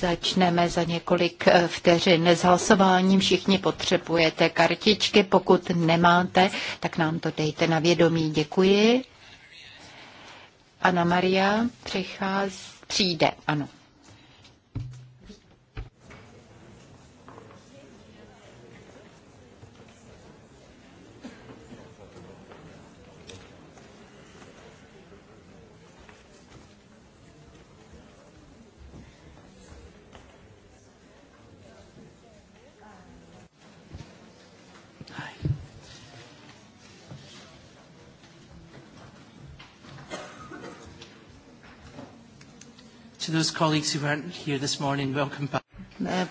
Začneme za několik eh, vteřin s hlasováním. Všichni potřebujete kartičky. Pokud nemáte, tak nám to dejte na vědomí. Děkuji. Ana Maria přichází, přijde, ano.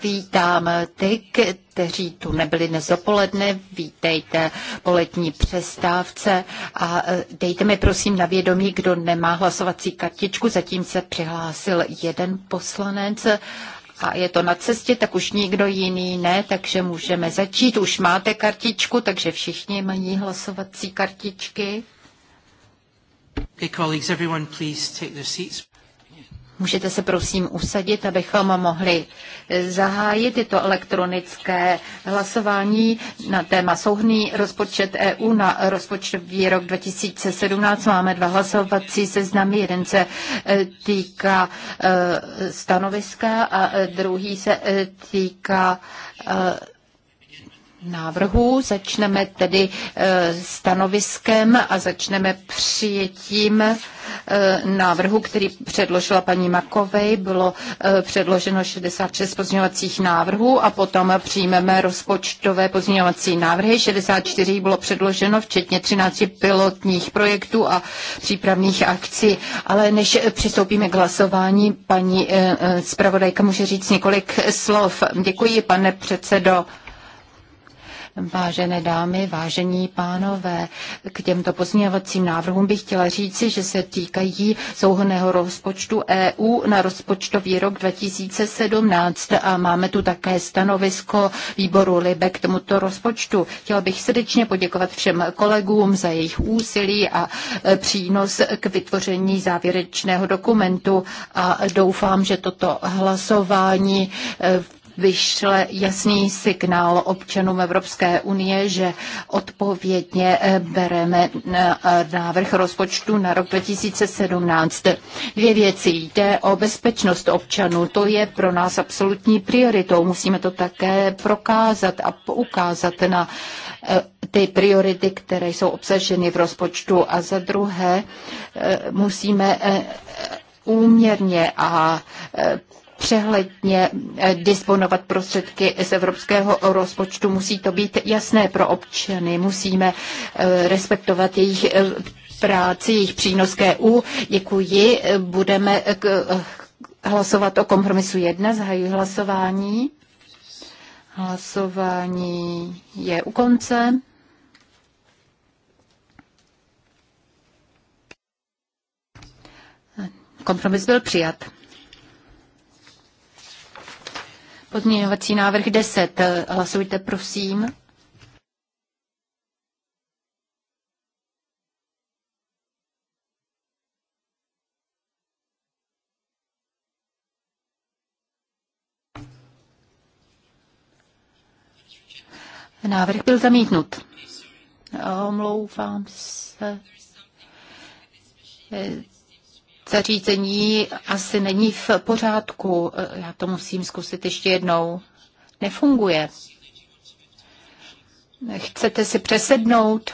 Vítám ty, kteří tu nebyli dnes dopoledne. Vítejte po letní přestávce a e, dejte mi prosím na vědomí, kdo nemá hlasovací kartičku. Zatím se přihlásil jeden poslanec a je to na cestě, tak už nikdo jiný ne, takže můžeme začít. Už máte kartičku, takže všichni mají hlasovací kartičky. Okay, colleagues, everyone please take their seats. Můžete se prosím usadit, abychom mohli eh, zahájit tyto elektronické hlasování na téma souhný rozpočet EU na rozpočtový rok 2017. Máme dva hlasovací seznamy. Jeden se eh, týká eh, stanoviska a druhý se týká návrhů. Začneme tedy eh, stanoviskem a začneme přijetím eh, návrhu, který předložila paní Makovej. Bylo eh, předloženo 66 pozměňovacích návrhů a potom přijmeme rozpočtové pozměňovací návrhy. 64 bylo předloženo, včetně 13 pilotních projektů a přípravných akcí. Ale než přistoupíme k hlasování, paní zpravodajka může říct několik slov. Děkuji, pane předsedo. Vážené dámy, vážení pánové, k těmto pozměňovacím návrhům bych chtěla říci, že se týkají souhrného rozpočtu EU na rozpočtový rok 2017 a máme tu také stanovisko výboru Libe k tomuto rozpočtu. Chtěla bych srdečně poděkovat všem kolegům za jejich úsilí a e, přínos k vytvoření závěrečného dokumentu a doufám, že toto hlasování e, vyšle jasný signál občanům Evropské unie, že odpovědně eh, bereme eh, návrh rozpočtu na rok 2017. Dvě věci. Jde o bezpečnost občanů. To je pro nás absolutní prioritou. Musíme to také prokázat a poukázat na eh, ty priority, které jsou obsaženy v rozpočtu. A za druhé musíme úměrně a přehledně eh, disponovat prostředky z evropského rozpočtu. Musí to být jasné pro občany, musíme eh, respektovat jejich eh, práci, jejich přínos k EU. Děkuji, budeme k, hlasovat o kompromisu 1, zahajuji hlasování. Hlasování je u konce. Kompromis byl přijat. Pozměňovací návrh 10. Hlasujte, prosím. Návrh byl zamítnut. Omlouvám se zařízení asi není v pořádku. Já to musím zkusit ještě jednou. Nefunguje. Chcete si přesednout?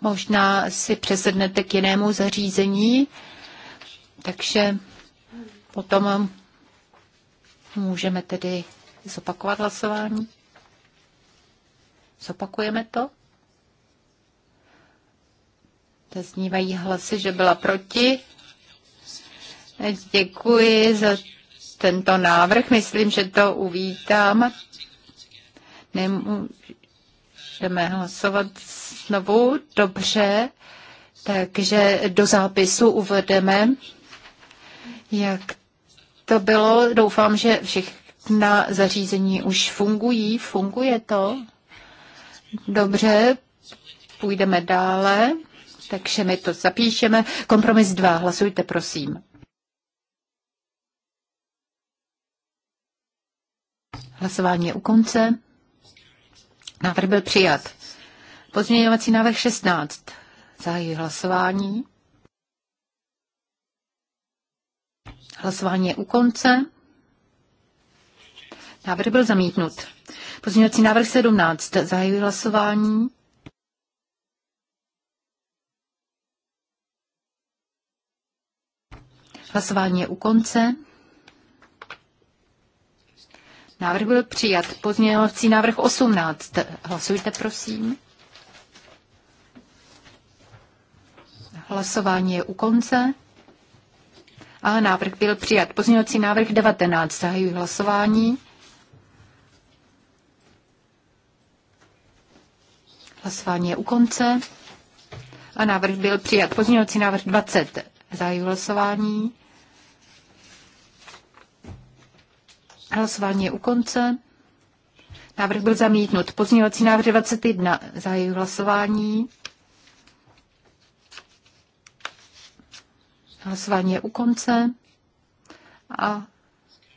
Možná si přesednete k jinému zařízení, takže potom můžeme tedy zopakovat hlasování. Zopakujeme to? Zaznívají hlasy, že byla proti. Děkuji za tento návrh. Myslím, že to uvítám. Nemůžeme hlasovat znovu. Dobře. Takže do zápisu uvedeme, jak to bylo. Doufám, že všechna zařízení už fungují. Funguje to? Dobře, půjdeme dále. Takže my to zapíšeme. Kompromis 2. Hlasujte, prosím. Hlasování je u konce. Návrh byl přijat. Pozměňovací návrh 16. Zahají hlasování. Hlasování je u konce. Návrh byl zamítnut. Pozměňovací návrh 17. Zahají hlasování. Hlasování je u konce. Návrh byl přijat. Pozměňovací návrh 18. Hlasujte, prosím. Hlasování je u konce. A návrh byl přijat. Pozměňovací návrh 19. Zahajuji hlasování. Hlasování je u konce. A návrh byl přijat. Pozměňovací návrh 20. Zahajuji hlasování. Hlasování je u konce. Návrh byl zamítnut. Pozměňovací návrh 21. Zahajuji hlasování. Hlasování je u konce. A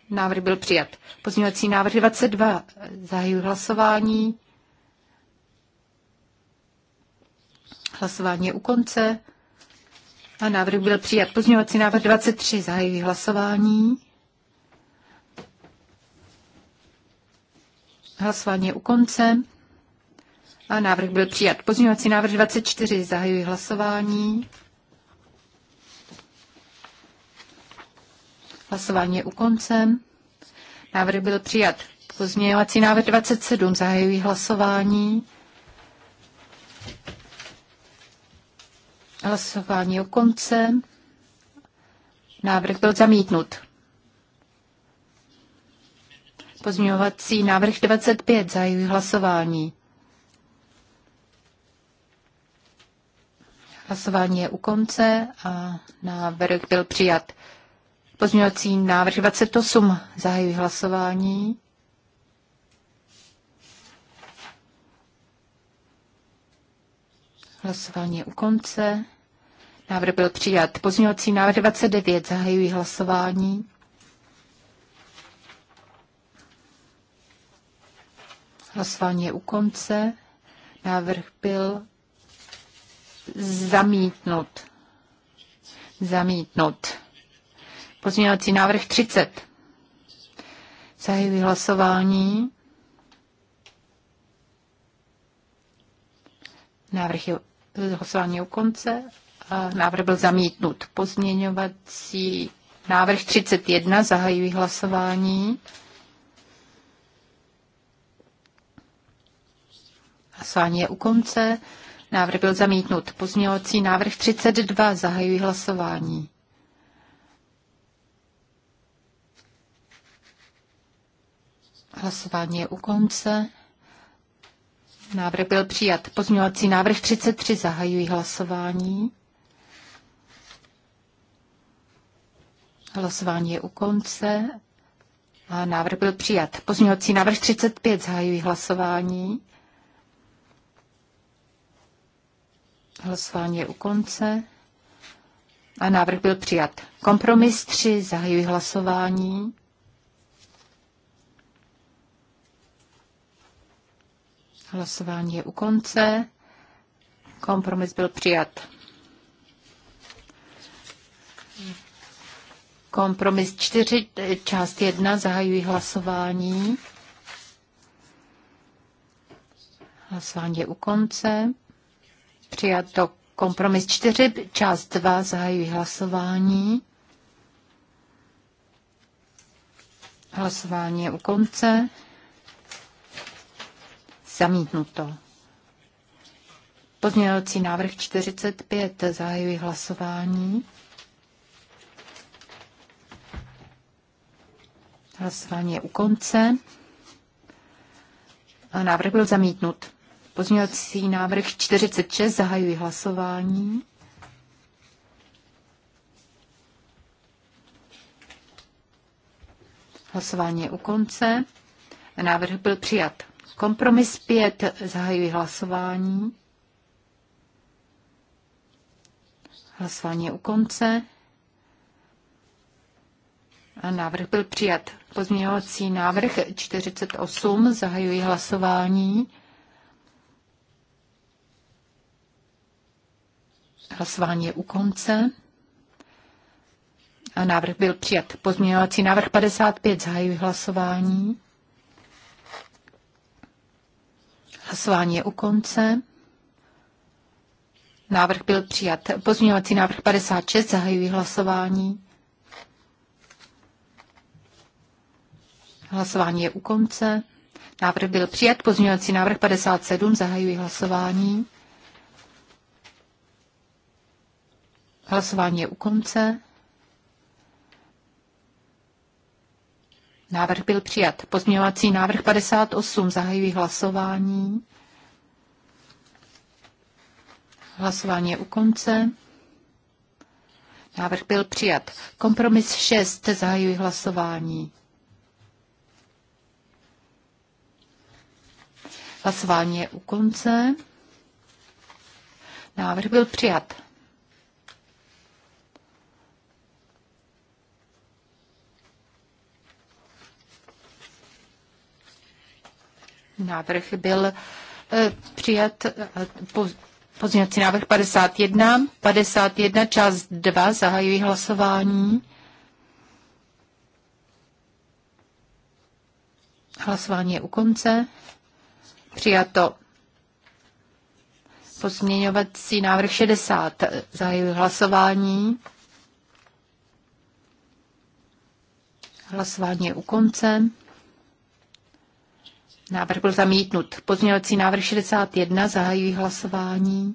návrh byl přijat. Pozměňovací návrh 22. Zahajuji hlasování. Hlasování je u konce. A návrh byl přijat. Pozměňovací návrh 23. Zahajuji hlasování. Hlasování je u konce. A návrh byl přijat. Pozměňovací návrh 24. Zahajuji hlasování. Hlasování je u konce. Návrh byl přijat. Pozměňovací návrh 27. Zahajuji hlasování. Hlasování je u konce. Návrh byl zamítnut. Pozměňovací návrh 25. Zahajuji hlasování. Hlasování je u konce a návrh byl přijat. Pozměňovací návrh 28. Zahajuji hlasování. Hlasování je u konce. Návrh byl přijat. Pozměňovací návrh 29. Zahajuji hlasování. Hlasování je u konce. Návrh byl zamítnut. Zamítnut. Pozměňovací návrh 30. Zahajuji hlasování. Návrh je hlasování u konce. A návrh byl zamítnut. Pozměňovací návrh 31. Zahajuji hlasování. Hlasování je u konce. Návrh byl zamítnut. Pozměňovací návrh 32. Zahajuji hlasování. Hlasování je u konce. Návrh byl přijat. Pozměňovací návrh 33. Zahajuji hlasování. Hlasování je u konce. A návrh byl přijat. Pozměňovací návrh 35. Zahajuji hlasování. Hlasování je u konce. A návrh byl přijat. Kompromis 3. Zahajuji hlasování. Hlasování je u konce. Kompromis byl přijat. Kompromis 4, část 1, zahajuji hlasování. Hlasování je u konce. Přijato kompromis 4, část 2, zahajuji hlasování. Hlasování je u konce. Zamítnuto. Pozměňovací návrh 45. Zahajuji hlasování. Hlasování je u konce. Návrh byl zamítnut. Pozměňovací návrh 46, zahajuji hlasování. Hlasování je u konce. Návrh byl přijat. Kompromis 5, zahajuji hlasování. Hlasování je u konce. A návrh byl přijat. Pozměňovací návrh 48, zahajuji hlasování. Hlasování je u konce. A návrh byl přijat. Pozměňovací návrh 55 zahajuji hlasování. Hlasování je u konce. Návrh byl přijat. Pozměňovací návrh 56 zahajuji hlasování. Hlasování je u konce. Návrh byl přijat. Pozměňovací návrh 57 zahajuji hlasování. Hlasování je u konce. Návrh byl přijat. Pozměňovací návrh 58. Zahajuji hlasování. Hlasování je u konce. Návrh byl přijat. Kompromis 6. Zahajuji hlasování. Hlasování je u konce. Návrh byl přijat. Návrh byl e, přijat e, pozměňovací návrh 51. 51 část 2 zahajuji hlasování. Hlasování je u konce. Přijato pozměňovací návrh 60. Zahajuji hlasování. Hlasování je u konce. Návrh byl zamítnut. Pozměňovací návrh 61. zahajují hlasování.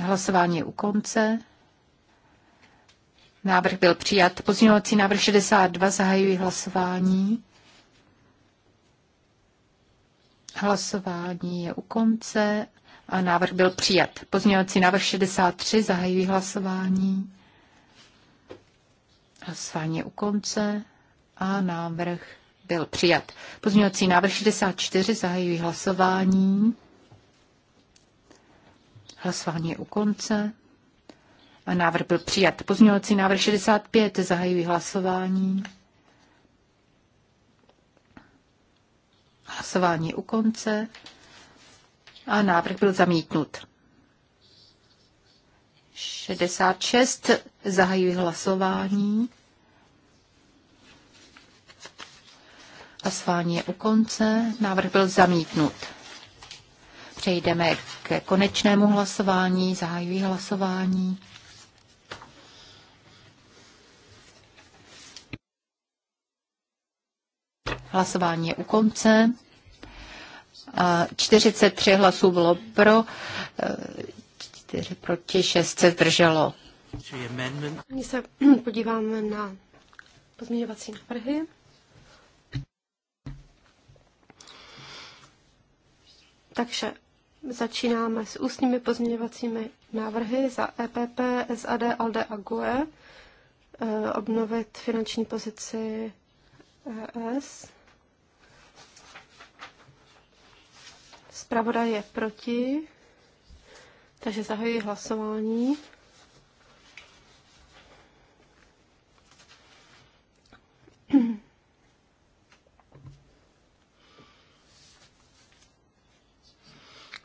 Hlasování je u konce. Návrh byl přijat. Pozměňovací návrh 62. zahajují hlasování. Hlasování je u konce a návrh byl přijat. Pozměňovací návrh 63. zahajují hlasování. Hlasování je u konce a návrh byl přijat. Pozměňovací návrh 64 zahajují hlasování. Hlasování je u konce. A návrh byl přijat. Pozměňovací návrh 65 zahajují hlasování. Hlasování je u konce. A návrh byl zamítnut. 66 zahajují hlasování. Hlasování je u konce. Návrh byl zamítnut. Přejdeme k konečnému hlasování. Zahajuji hlasování. Hlasování je u konce. 43 hlasů bylo pro, 4 proti, 6 se zdrželo. Nyní se podíváme na pozměňovací návrhy. Takže začínáme s ústními pozměňovacími návrhy za EPP, SAD, ALDE a GUE. Eh, obnovit finanční pozici ES. Eh, e Zpravodaj je proti, takže zahajuji hlasování.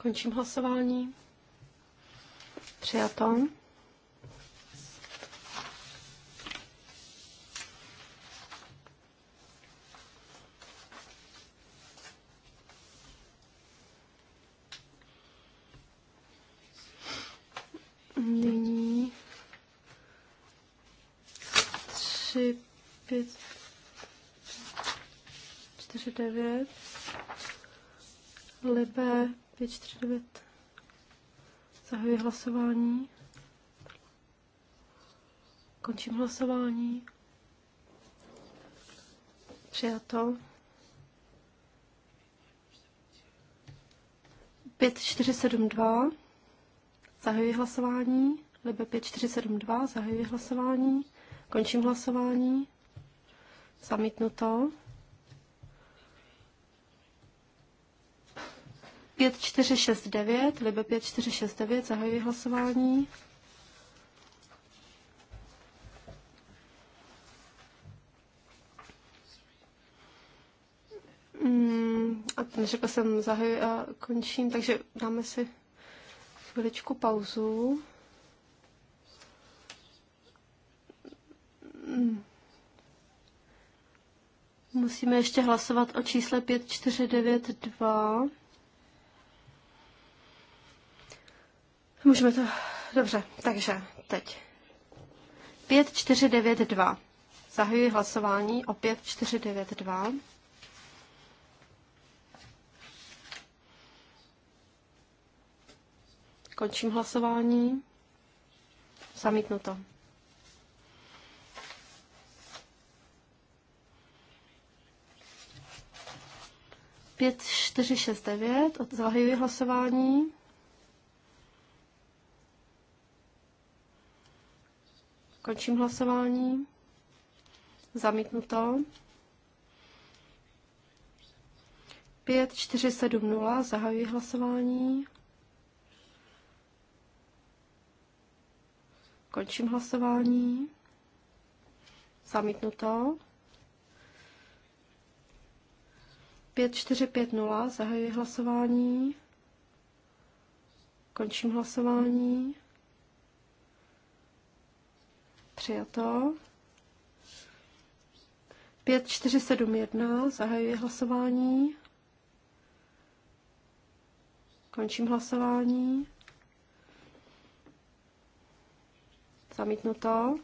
Končím hlasování. Přijato. Nyní tři, pět, čtyři, devět, libe 549. Zahajuji hlasování. Končím hlasování. Přijato. 5472. Zahajuji hlasování. Libe 5472. Zahajuji hlasování. Končím hlasování. Zamítnuto. 5469, Libe 5469, zahajuji hlasování. Mm, a ten řekl jsem zahajuji a končím, takže dáme si chviličku pauzu. Mm. Musíme ještě hlasovat o čísle 5492. Můžeme to... Dobře, takže teď. 5492. Zahajuji hlasování o 5492. Končím hlasování. Zamítnuto. Pět, čtyři, šest, devět. Zahajuji hlasování. Končím hlasování. Zamítnuto. 5, 4, 7, 0. Zahajuji hlasování. Končím hlasování. Zamítnuto. 5, 4, 5, 0. Zahajuji hlasování. Končím hlasování. Přijato. 1, zahajuji hlasování. Končím hlasování. Zamítnuto.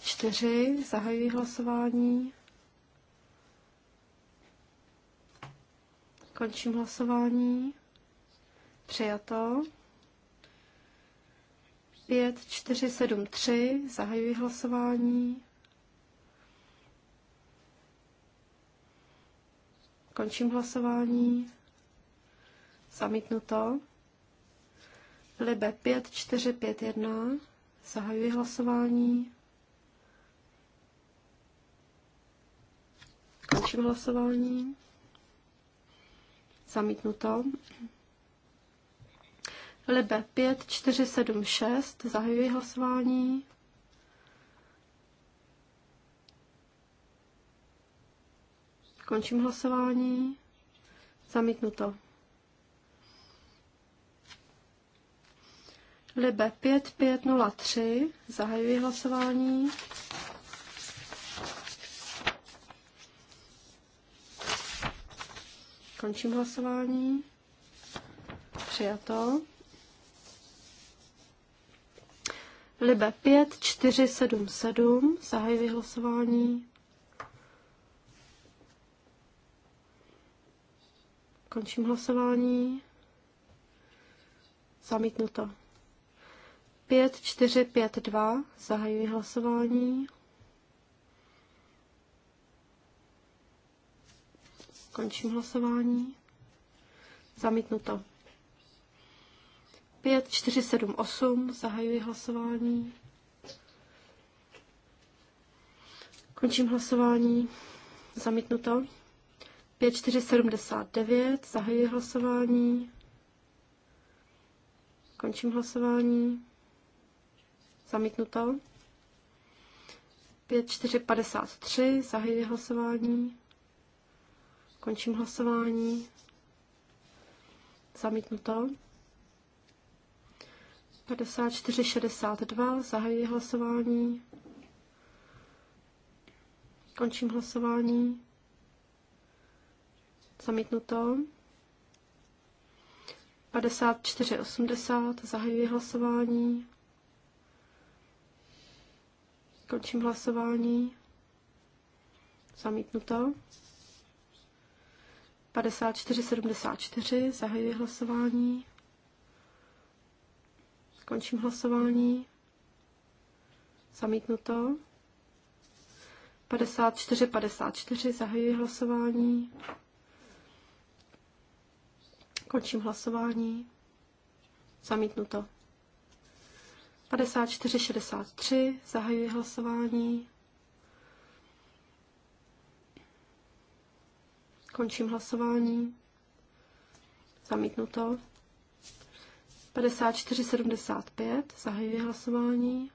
4, zahajuji hlasování. Končím hlasování. Přijato. 5, 4, 7, 3. Zahajuji hlasování. Končím hlasování. Zamítnuto. Libe 5, 4, 5, 1. Zahajuji hlasování. Končím hlasování. Zamítnuto. Libe 5, 4, 7, 6. Zahajuji hlasování. Končím hlasování. Zamítnuto. Libe 5, 5, 0, 3. Zahajuji hlasování. Končím hlasování. Přijato. Libe 5, 4, 7, 7. Zahajuji hlasování. Končím hlasování. Zamítnuto. 5, 4, 5, 2. Zahajuji hlasování. Končím hlasování. Zamítnuto. 5, 4, 7, 8. Zahajuji hlasování. Končím hlasování. Zamítnuto. 5, 4, 79. Zahajuji hlasování. Končím hlasování. Zamítnuto. 5, 4, 53. Zahajuji hlasování. Končím hlasování. Zamítnuto. 54,62. Zahajuji hlasování. Končím hlasování. Zamítnuto. 54,80. Zahajuji hlasování. Končím hlasování. Zamítnuto. 54,74. Zahajuji hlasování. Končím hlasování. Zamítnuto. 54, 54, zahajuji hlasování. Končím hlasování. Zamítnuto. 54, 63, zahajuji hlasování. Končím hlasování. Zamítnuto. 5475, zahajuji hlasování.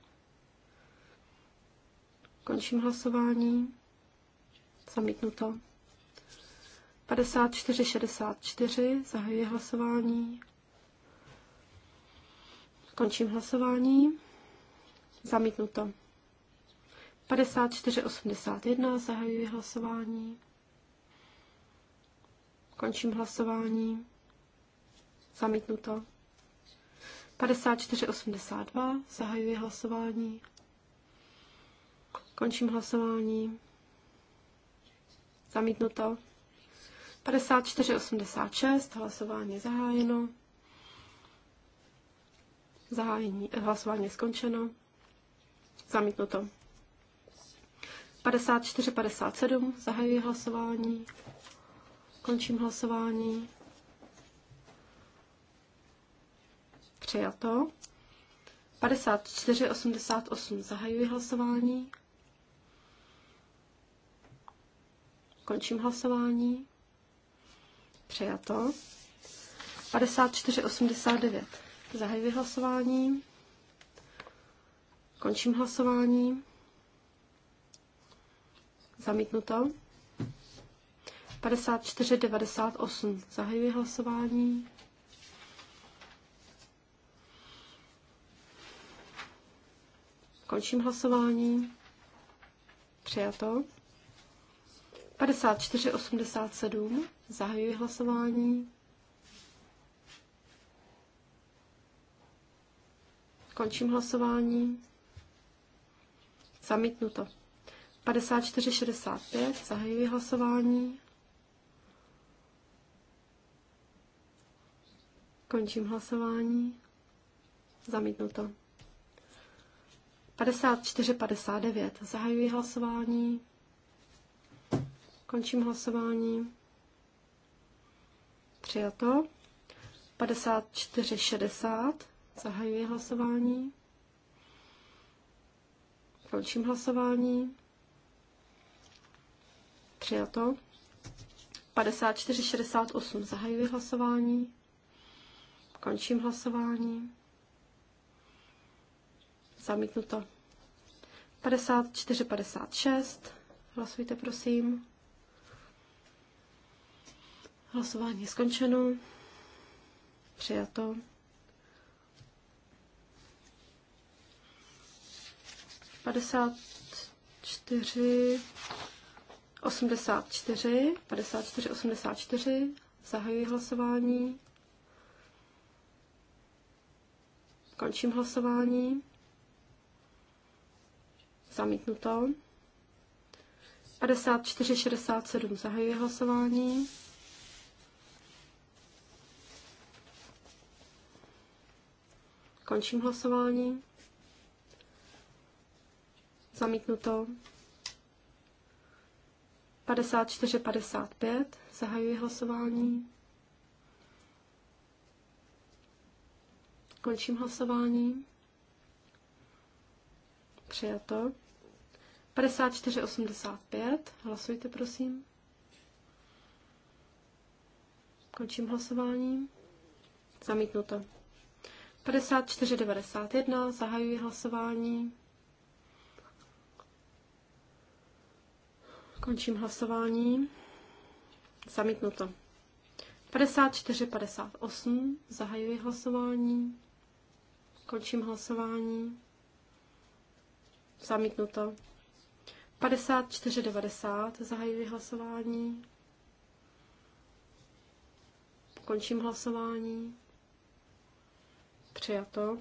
Končím hlasování. Zamítnuto. 5464, zahajuji hlasování. Končím hlasování. Zamítnuto. 5481, zahajuji hlasování. Končím hlasování. Zamítnuto. 5482, zahajuji hlasování. Končím hlasování. Zamítnuto. 5486, hlasování zahájeno. Zahájení, hlasování skončeno. Zamítnuto. 5457, zahajuji hlasování. Končím hlasování. přijato. 54,88 zahajuji hlasování. Končím hlasování. Přijato. 54,89 zahajuji hlasování. Končím hlasování. Zamítnuto. 54,98 zahajuji hlasování. Končím hlasování. Přijato. 54,87. Zahajuji hlasování. Končím hlasování. Zamítnuto. 54,65. Zahajuji hlasování. Končím hlasování. Zamítnuto. 54-59. Zahajuji hlasování. Končím hlasování. Přijato. 54-60. Zahajuji hlasování. Končím hlasování. Přijato. 54-68. Zahajuji hlasování. Končím hlasování. Zamítnuto. 54, 56. Hlasujte, prosím. Hlasování je skončeno. Přijato. Padesát čtyři, osmdesát čtyři, padesát čtyři, osmdesát čtyři. Zahajuji hlasování. Končím hlasování zamítnuto. 54,67 zahajuji hlasování. Končím hlasování. Zamítnuto. 54,55 zahajuji hlasování. Končím hlasování. Přijato. 5485. Hlasujte, prosím. Končím hlasování. Zamítnuto. 5491. Zahajuji hlasování. Končím hlasování. Zamítnuto. 5458. Zahajuji hlasování. Končím hlasování. Zamítnuto. 54,90 zahajuji hlasování. Končím hlasování. Přijato.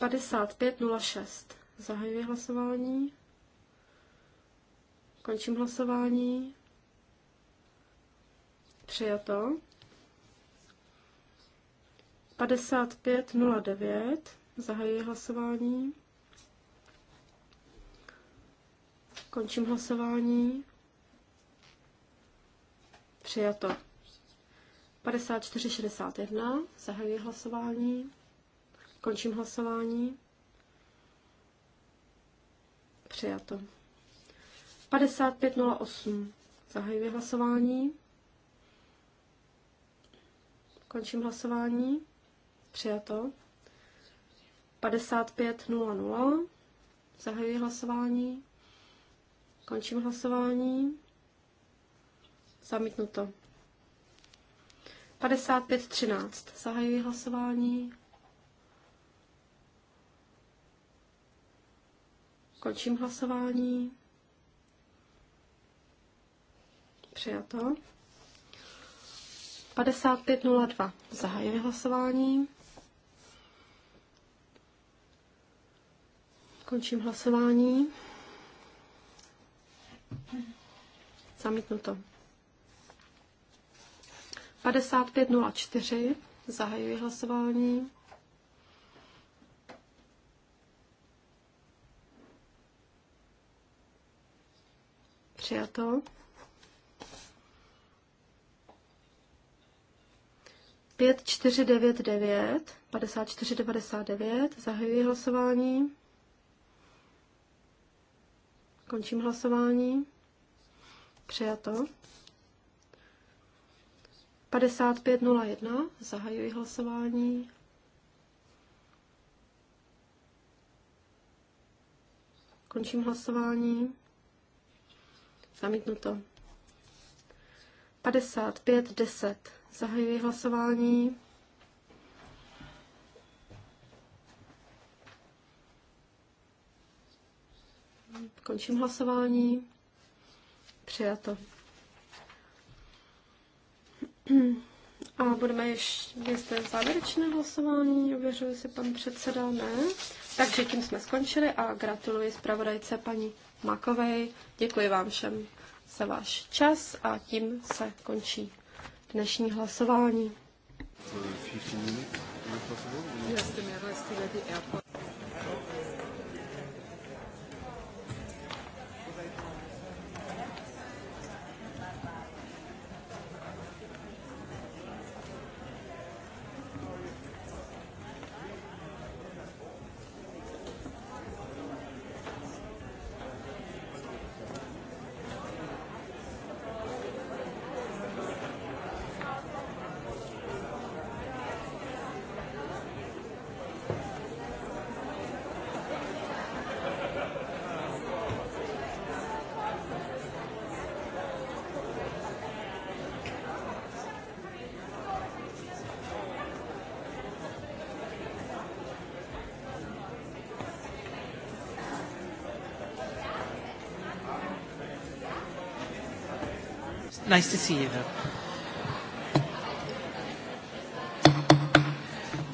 55,06 zahajuji hlasování. Končím hlasování. Přijato. 55,09 zahajuji hlasování. Končím hlasování. Přijato. 54,61. Zahajuji hlasování. Končím hlasování. Přijato. 55,08. Zahajuji hlasování. Končím hlasování. Přijato. 55,00. Zahajuji hlasování. Končím hlasování. Zamítnuto. 55.13. Zahajuji hlasování. Končím hlasování. Přijato. 55.02. Zahajuji hlasování. Končím hlasování. Zamítnuto. 5504. Zahajuji hlasování. Přijato. 5499, devět, zahajuji hlasování. Končím hlasování. Přijato. 55.01. Zahajuji hlasování. Končím hlasování. Zamítnuto. 55.10. Zahajuji hlasování. Končím hlasování. Přijato. A budeme ještě zde závěrečné hlasování, ověřuje si pan předseda, ne. Takže tím jsme skončili a gratuluji zpravodajce paní Makovej. Děkuji vám všem za váš čas a tím se končí dnešní hlasování. Nice to see you, though.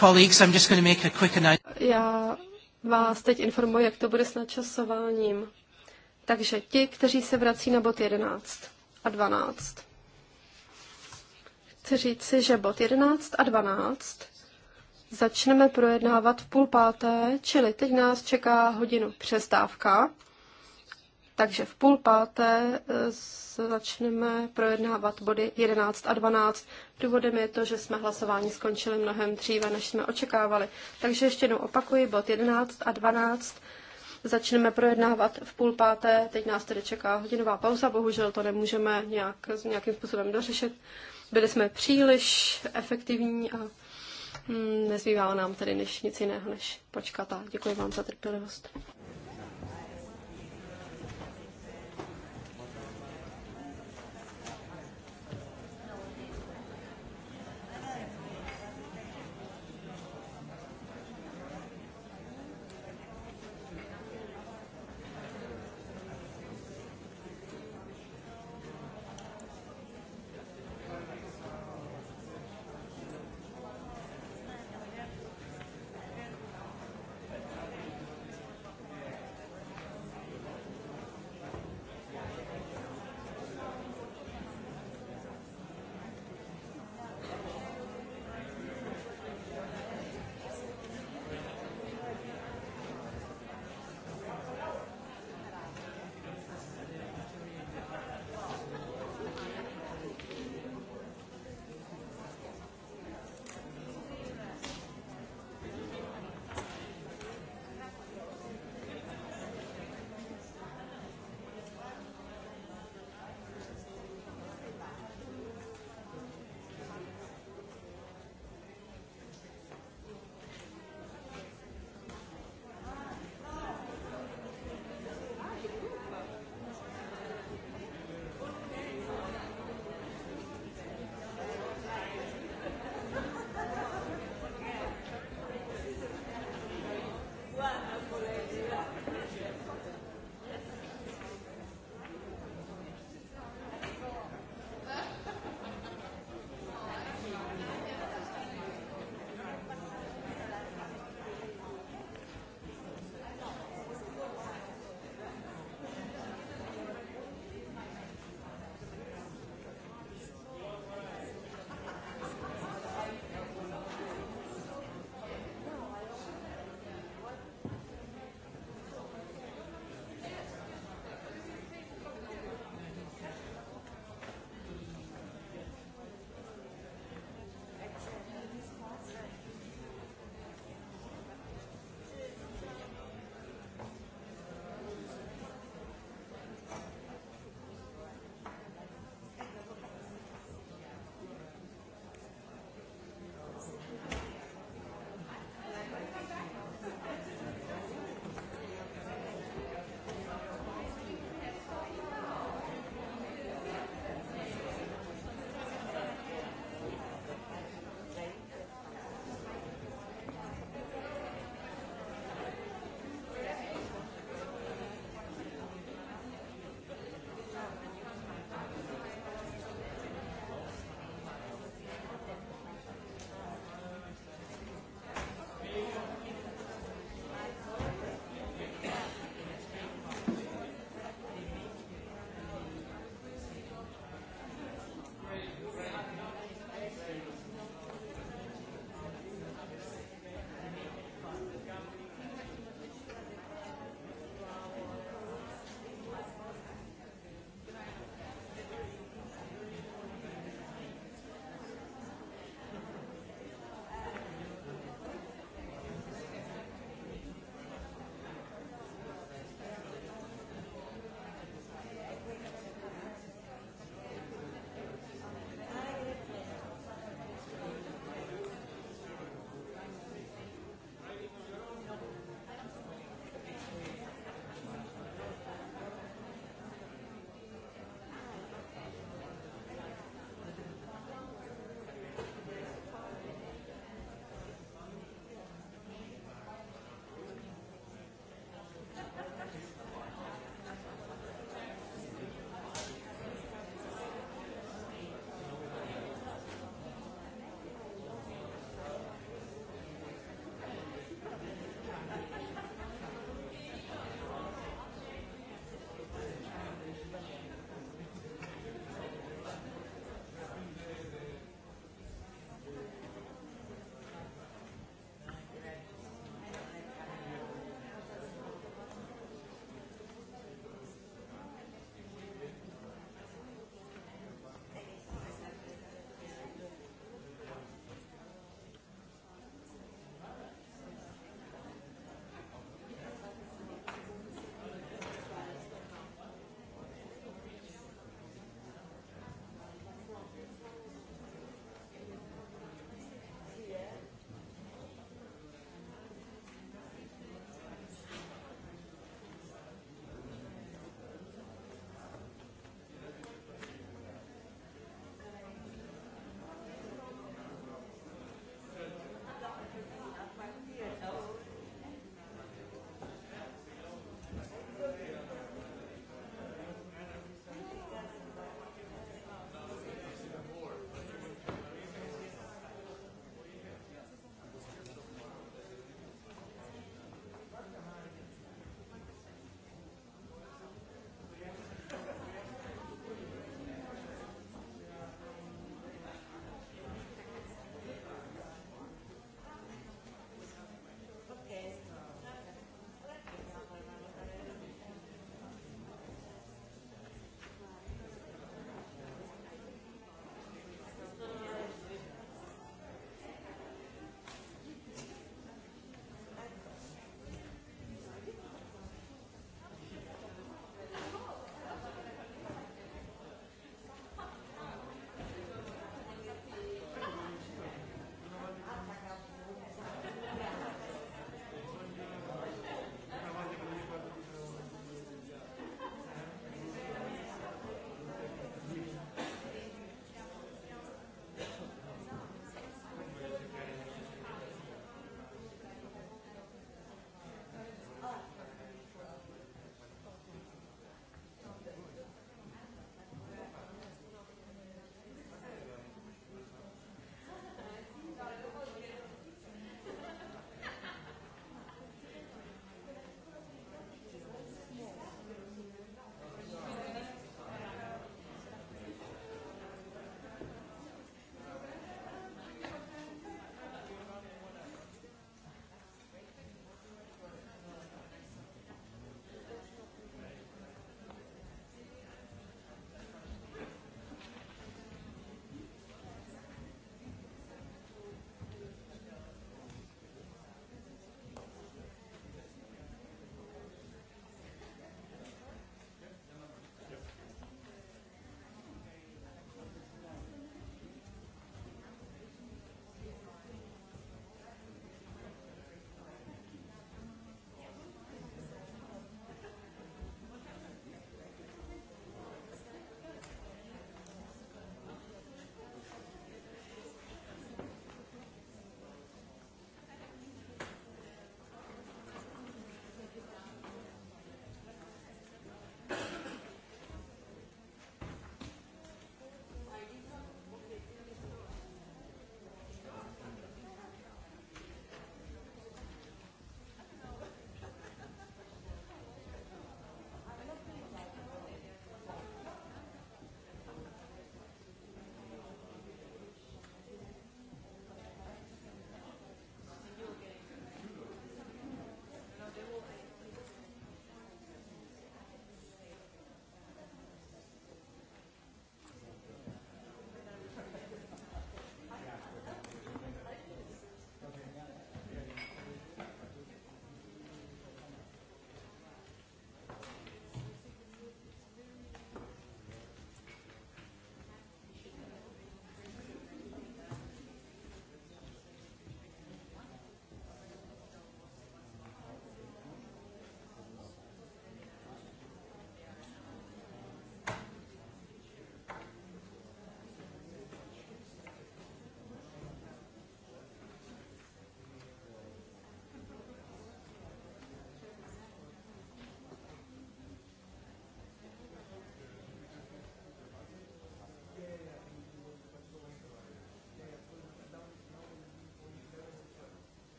Colleagues, I'm just going to make a quick announcement. Já vás teď informuji, jak to bude s načasováním. Takže ti, kteří se vrací na bod 11 a 12. Chci říci, že bod 11 a 12 začneme projednávat v půl páté, čili teď nás čeká hodinu přestávka. Takže v půl páté eh, začneme projednávat body 11 a 12. Důvodem je to, že jsme hlasování skončili mnohem dříve, než jsme očekávali. Takže ještě jednou opakuji, bod 11 a 12 začneme projednávat v půl páté. Teď nás tedy čeká hodinová pauza, bohužel to nemůžeme nějak, nějakým způsobem dořešit. Byli jsme příliš efektivní a mm, nezbývá nám tedy než nic jiného, než počkat a děkuji vám za trpělivost.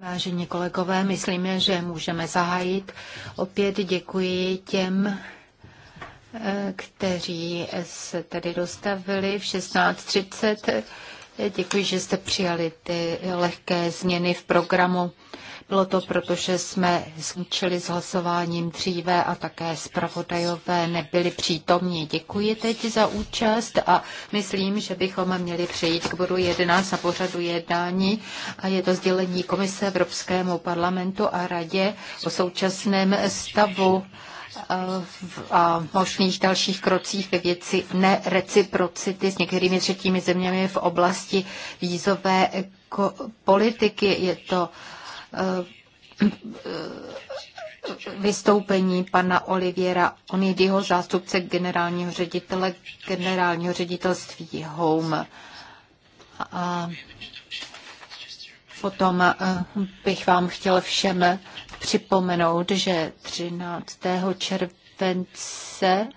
Vážení kolegové, myslíme, že můžeme zahájit. Opět děkuji těm, eh, kteří se tady dostavili v 16.30. Děkuji, že jste přijali ty lehké změny v programu. Bylo to proto, že jsme skončili s hlasováním dříve a také zpravodajové nebyli přítomní. Děkuji teď za účast a myslím, že bychom měli přejít k bodu 11 na pořadu jednání a je to sdělení Komise Evropskému parlamentu a radě o současném stavu a možných dalších krocích ve věci nereciprocity s některými třetími zeměmi v oblasti vízové politiky. Je to eh, vystoupení pana Oliviera Onidyho, zástupce generálního ředitele generálního ředitelství Home. A Potom eh, bych vám chtěl všem připomenout, že 13. července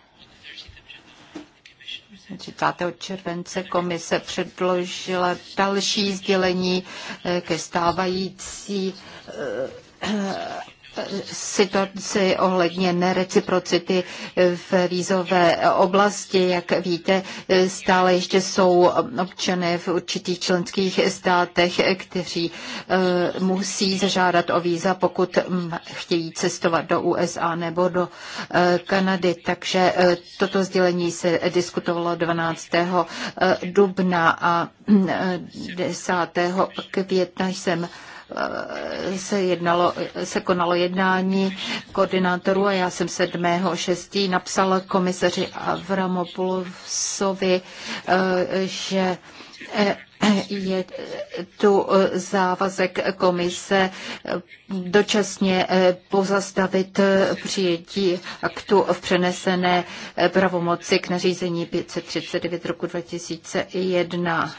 30. července komise předložila další sdělení eh, ke stávající eh, situaci ohledně nereciprocity v vízové oblasti. Jak víte, stále ještě jsou občané v určitých členských státech, kteří eh, musí zažádat o víza, pokud hm, chtějí cestovat do USA nebo do eh, Kanady. Takže eh, toto sdělení se diskutovalo 12. dubna a 10. Hm, května jsem Eh, se, jednalo, se konalo jednání koordinátorů a já jsem 7.6. napsala komisaři Avramopoulosovi, eh, že eh, je tu závazek komise dočasně pozastavit přijetí aktu v přenesené pravomoci k nařízení 539 roku 2001.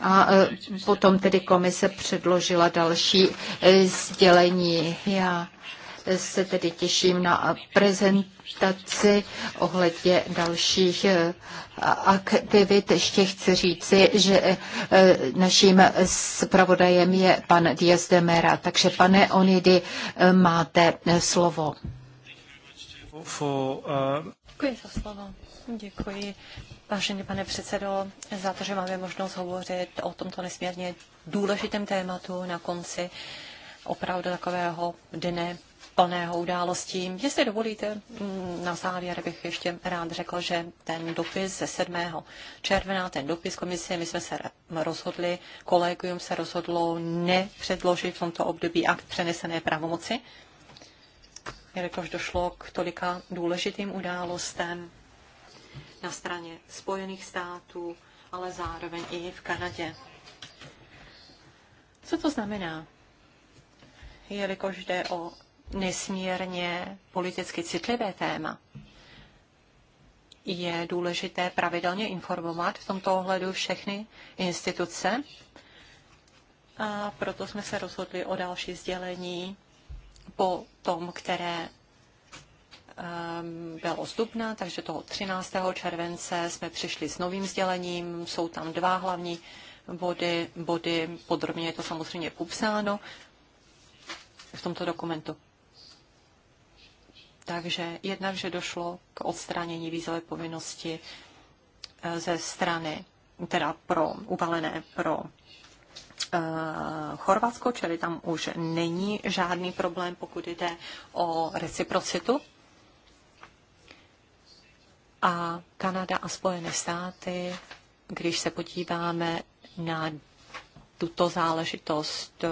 A e, potom tedy komise předložila další e, sdělení. Já e, se tedy těším na prezentaci ohledně dalších aktivit. Ještě chci říci, že naším zpravodajem je pan Díaz de Mera. Takže pane Onidy, máte slovo. Uh, Děkuji za slovo. Děkuji Vážený pane předsedo, za to, že máme možnost hovořit o tomto nesmírně důležitém tématu na konci opravdu takového dne plného událostí. Jestli dovolíte, mm, na závěr bych ještě rád řekl, že ten dopis ze 7. června, ten dopis komise, my jsme se rozhodli, kolegium se rozhodlo nepředložit v tomto období akt přenesené pravomoci, jelikož došlo k tolika důležitým událostem na straně Spojených států, ale zároveň i v Kanadě. Co to znamená? Jelikož jde o nesmírně politicky citlivé téma, je důležité pravidelně informovat v tomto ohledu všechny instituce. A proto jsme se rozhodli o další sdělení po tom, které Ehm, bylo z dubna, takže toho 13. července jsme přišli s novým sdělením. Jsou tam dva hlavní body, body podrobně je to samozřejmě popsáno v tomto dokumentu. Takže jednak, že došlo k odstranění vízové povinnosti eh, ze strany, teda pro uvalené pro eh, Chorvatsko, čili tam už není žádný problém, pokud jde o reciprocitu a Kanada a Spojené státy, když se podíváme na tuto záležitost eh,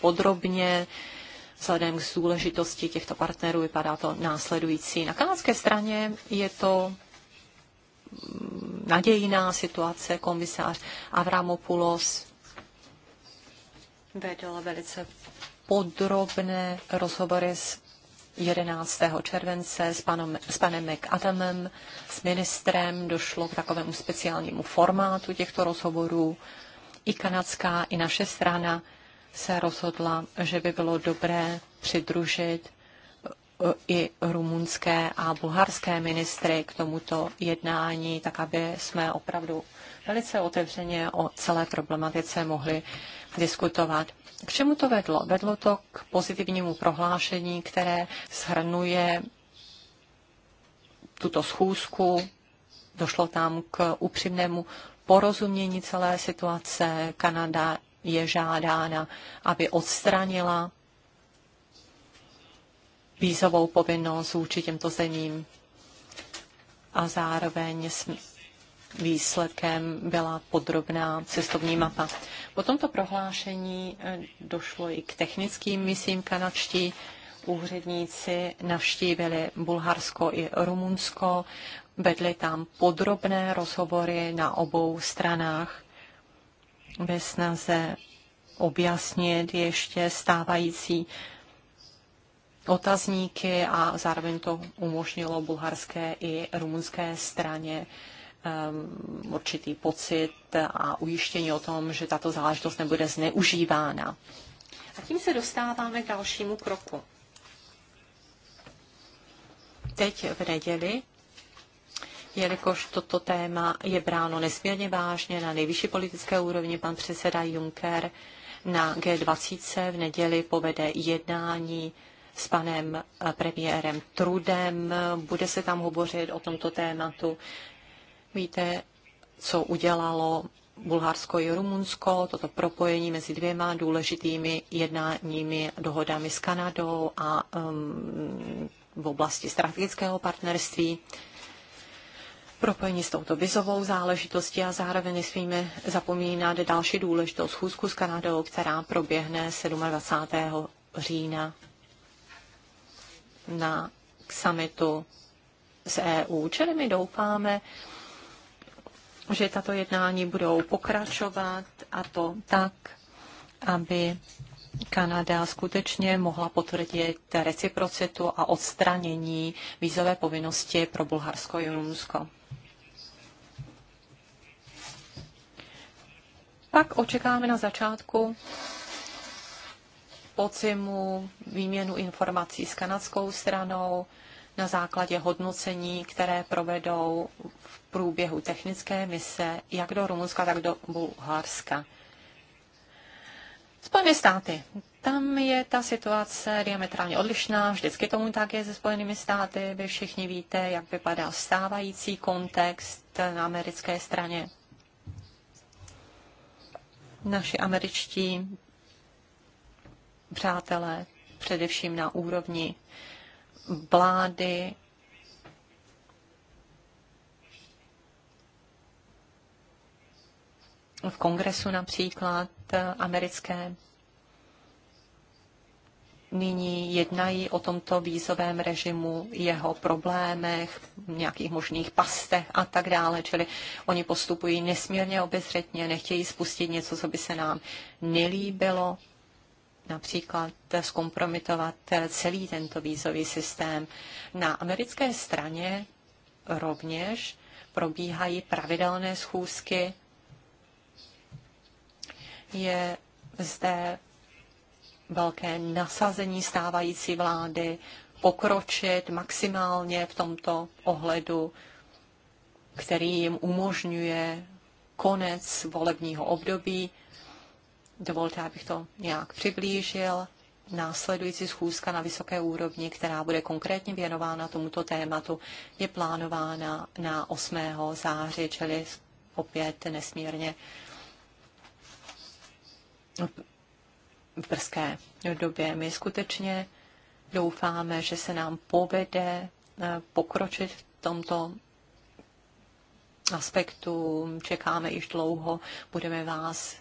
podrobně, vzhledem k důležitosti těchto partnerů vypadá to následující. Na kanadské straně je to mm, nadějná situace. Komisář Avramopoulos vedl velice podrobné rozhovory s 11. července s, panem, s panem McAdamem, s ministrem, došlo k takovému speciálnímu formátu těchto rozhovorů. I kanadská, i naše strana se rozhodla, že by bylo dobré přidružit e, i rumunské a bulharské ministry k tomuto jednání, tak aby jsme opravdu velice otevřeně o celé problematice mohli diskutovat. K čemu to vedlo? Vedlo to k pozitivnímu prohlášení, které shrnuje tuto schůzku. Došlo tam k upřímnému porozumění celé situace. Kanada je žádána, aby odstranila vízovou povinnost vůči těmto zemím. A zároveň výsledkem byla podrobná cestovní mapa. Po tomto prohlášení eh, došlo i k technickým misím kanačtí. Úředníci navštívili Bulharsko i Rumunsko, vedli tam podrobné rozhovory na obou stranách ve snaze objasnit ještě stávající otazníky a zároveň to umožnilo bulharské i rumunské straně um, určitý pocit a ujištění o tom, že tato záležitost nebude zneužívána. A tím se dostáváme k dalšímu kroku. Teď v neděli, jelikož toto téma je bráno nesmírně vážně na nejvyšší politické úrovni, pan předseda Juncker na G20 v neděli povede jednání s panem premiérem Trudem. Bude se tam hovořit o tomto tématu. Víte, co udělalo Bulharsko i Rumunsko, toto propojení mezi dvěma důležitými jednáními dohodami s Kanadou a um, v oblasti strategického partnerství propojení s touto vizovou záležitostí a zároveň nesmíme zapomínat další důležitou schůzku s Kanadou, která proběhne 27. října na summitu s EU. Čili my doufáme, že tato jednání budou pokračovat a to tak, aby Kanada skutečně mohla potvrdit reciprocitu a odstranění vízové povinnosti pro Bulharsko a Rumunsko. Pak očekáváme na začátku podzimu výměnu informací s kanadskou stranou, na základě hodnocení, které provedou v průběhu technické mise jak do Rumunska, tak do Bulharska. Spojené státy. Tam je ta situace diametrálně odlišná, vždycky tomu tak je se Spojenými státy. Vy všichni víte, jak vypadá stávající kontext na americké straně. Naši američtí přátelé, především na úrovni vlády v kongresu například americké nyní jednají o tomto vízovém režimu, jeho problémech, nějakých možných pastech a tak dále. Čili oni postupují nesmírně obezřetně, nechtějí spustit něco, co by se nám nelíbilo například zkompromitovat celý tento vízový systém. Na americké straně rovněž probíhají pravidelné schůzky. Je zde velké nasazení stávající vlády pokročit maximálně v tomto ohledu, který jim umožňuje konec volebního období Dovolte, abych to nějak přiblížil. Následující schůzka na vysoké úrovni, která bude konkrétně věnována tomuto tématu, je plánována na 8. září, čili opět nesmírně v brzké době. My skutečně doufáme, že se nám povede eh, pokročit v tomto aspektu. Čekáme již dlouho, budeme vás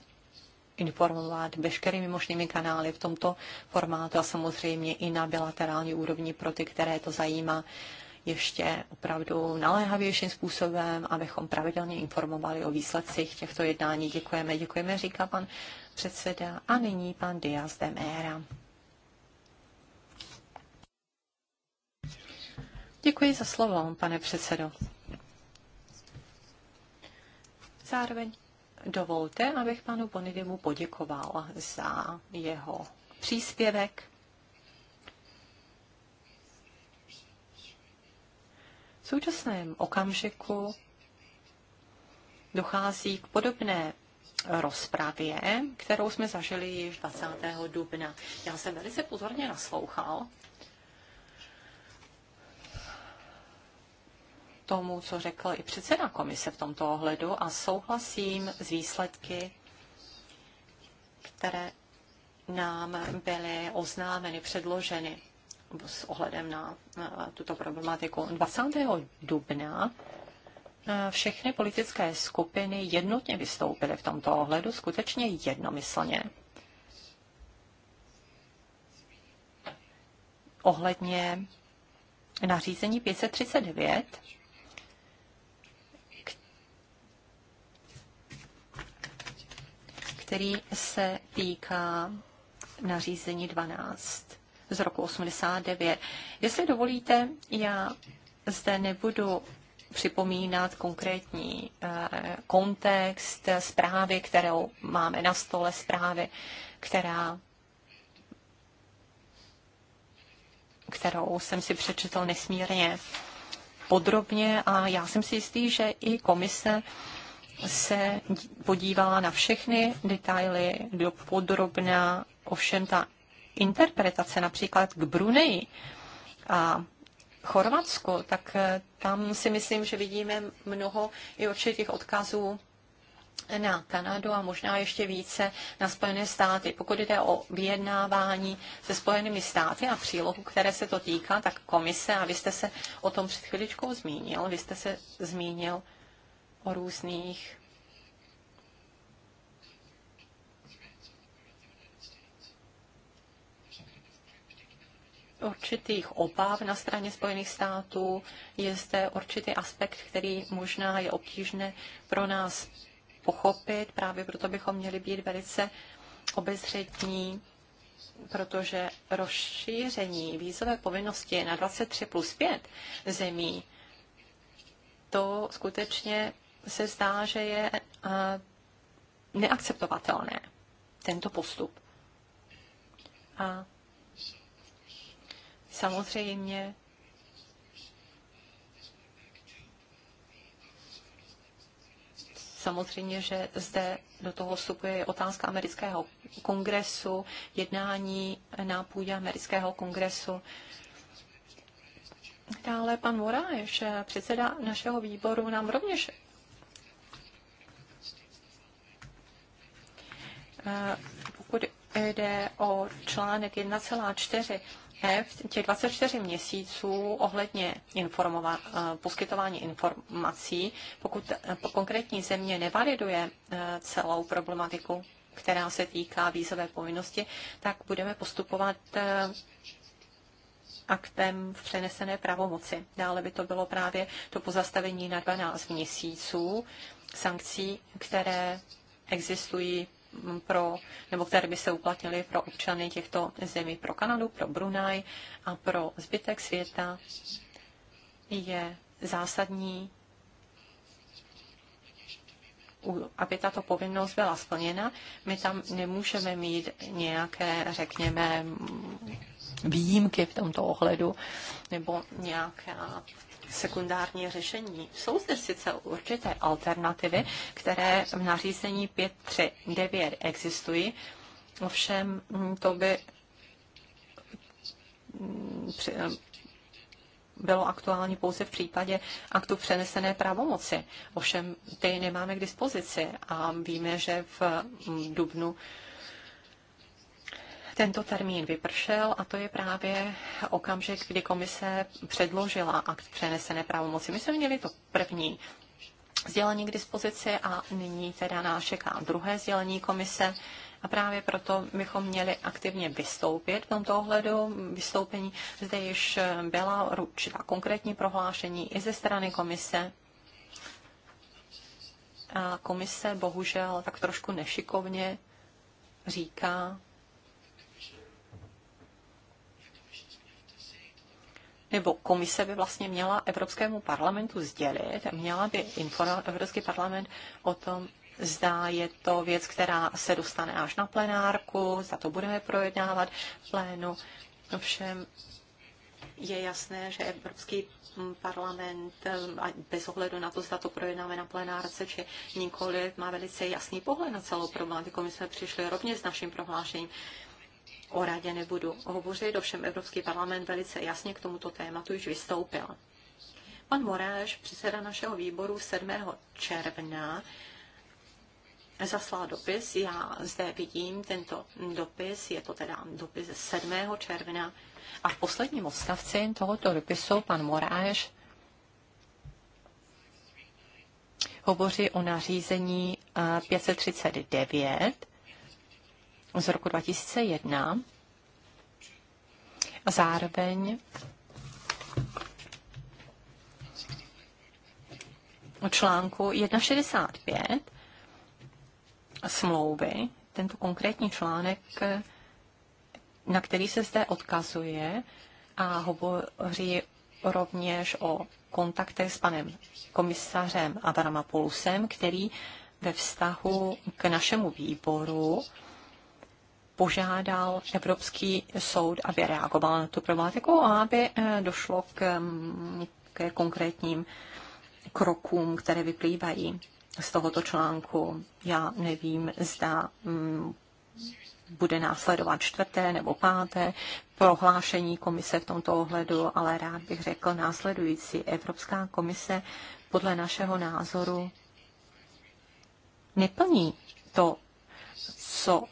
informovat veškerými možnými kanály v tomto formátu a samozřejmě i na bilaterální úrovni pro ty, které to zajímá ještě opravdu naléhavějším způsobem, abychom pravidelně informovali o výsledcích těchto jednání. Děkujeme, děkujeme, říká pan předseda. A nyní pan Diaz de Mera. Děkuji za slovo, pane předsedo. Zároveň Dovolte, abych panu Bonidimu poděkoval za jeho příspěvek. V současném okamžiku dochází k podobné rozpravě, kterou jsme zažili již 20. dubna. Já jsem velice pozorně naslouchal tomu, co řekl i předseda komise v tomto ohledu a souhlasím s výsledky, které nám byly oznámeny, předloženy s ohledem na, tuto problematiku. 20. dubna eh, všechny politické skupiny jednotně vystoupily v tomto ohledu, skutečně jednomyslně. Ohledně nařízení 539 který se týká nařízení 12 z roku 89. Jestli dovolíte, já zde nebudu připomínat konkrétní eh, kontext zprávy, kterou máme na stole, zprávy, která kterou jsem si přečetl nesmírně podrobně a já jsem si jistý, že i komise se podívala na všechny detaily do podrobná, ovšem ta interpretace například k Bruneji a Chorvatsku, tak eh, tam si myslím, že vidíme mnoho i určitých odkazů na Kanadu a možná ještě více na Spojené státy. Pokud jde o vyjednávání se Spojenými státy a přílohu, které se to týká, tak komise, a vy jste se o tom před chviličkou zmínil, vy jste se zmínil o různých určitých obav na straně Spojených států, je zde určitý aspekt, který možná je obtížné pro nás pochopit, právě proto bychom měli být velice obezřetní, protože rozšíření vízové povinnosti na 23 plus 5 zemí, to skutečně se zdá, že je eh, neakceptovatelné tento postup. A samozřejmě Samozřejmě, že zde do toho vstupuje otázka amerického kongresu, jednání na půdě amerického kongresu. Dále pan Moráš, eh, předseda našeho výboru, nám rovněž Eh, pokud jde o článek 1,4 F, těch 24 měsíců ohledně informova- eh, poskytování informací, pokud eh, konkrétní země nevaliduje celou problematiku, která se týká vízové povinnosti, tak budeme postupovat aktem v přenesené pravomoci. Dále by to bylo právě to pozastavení na 12 měsíců sankcí, které existují pro, nebo které by se uplatnily pro občany těchto zemí, pro Kanadu, pro Brunei a pro zbytek světa, je zásadní, aby tato povinnost byla splněna. My tam nemůžeme mít nějaké, řekněme, výjimky v tomto ohledu nebo nějaká sekundární řešení. Jsou zde sice určité alternativy, které v nařízení 539 existují, ovšem to by mm, eh, bylo aktuální pouze v případě aktu přenesené pravomoci. Ovšem ty nemáme k dispozici a víme, že v mm, Dubnu tento termín vypršel a to je právě okamžik, kdy komise předložila akt přenesené pravomoci. My jsme měli to první sdělení k dispozici a nyní teda nás čeká druhé sdělení komise. A právě proto bychom měli aktivně vystoupit v tomto ohledu. Vystoupení zde již byla určitá konkrétní prohlášení i ze strany komise. A komise bohužel tak trošku nešikovně říká, nebo komise by vlastně měla Evropskému parlamentu sdělit, měla by informovat Evropský parlament o tom, zda je to věc, která se dostane až na plenárku, zda to budeme projednávat v plénu. Ovšem je jasné, že Evropský parlament, hm, bez ohledu na to, zda to projednáme na plenárce či nikoli, má velice jasný pohled na celou problematiku. My jsme přišli rovně s naším prohlášením o radě nebudu hovořit, ovšem Evropský parlament velice jasně k tomuto tématu již vystoupil. Pan Moráš, předseda našeho výboru 7. června, zaslal dopis. Já zde vidím tento dopis, je to teda dopis 7. června. A v posledním odstavci tohoto dopisu pan Moráš hovoří o nařízení 539 eh, z roku 2001 a zároveň o článku 1.65 smlouvy, tento konkrétní článek, na který se zde odkazuje a hovoří rovněž o kontaktech s panem komisařem Adama Polusem, který ve vztahu k našemu výboru požádal Evropský soud, aby reagoval na tu problematiku a aby eh, došlo k, mm, k konkrétním krokům, které vyplývají z tohoto článku. Já nevím, zda mm, bude následovat čtvrté nebo páté prohlášení komise v tomto ohledu, ale rád bych řekl následující. Evropská komise podle našeho názoru neplní to, co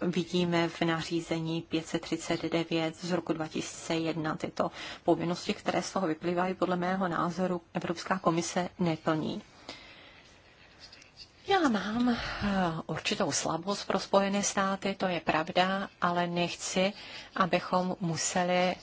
vidíme v nařízení 539 z roku 2001 tyto povinnosti, které z toho vyplývají, podle mého názoru Evropská komise neplní. Já mám eh, určitou slabost pro Spojené státy, to je pravda, ale nechci, abychom museli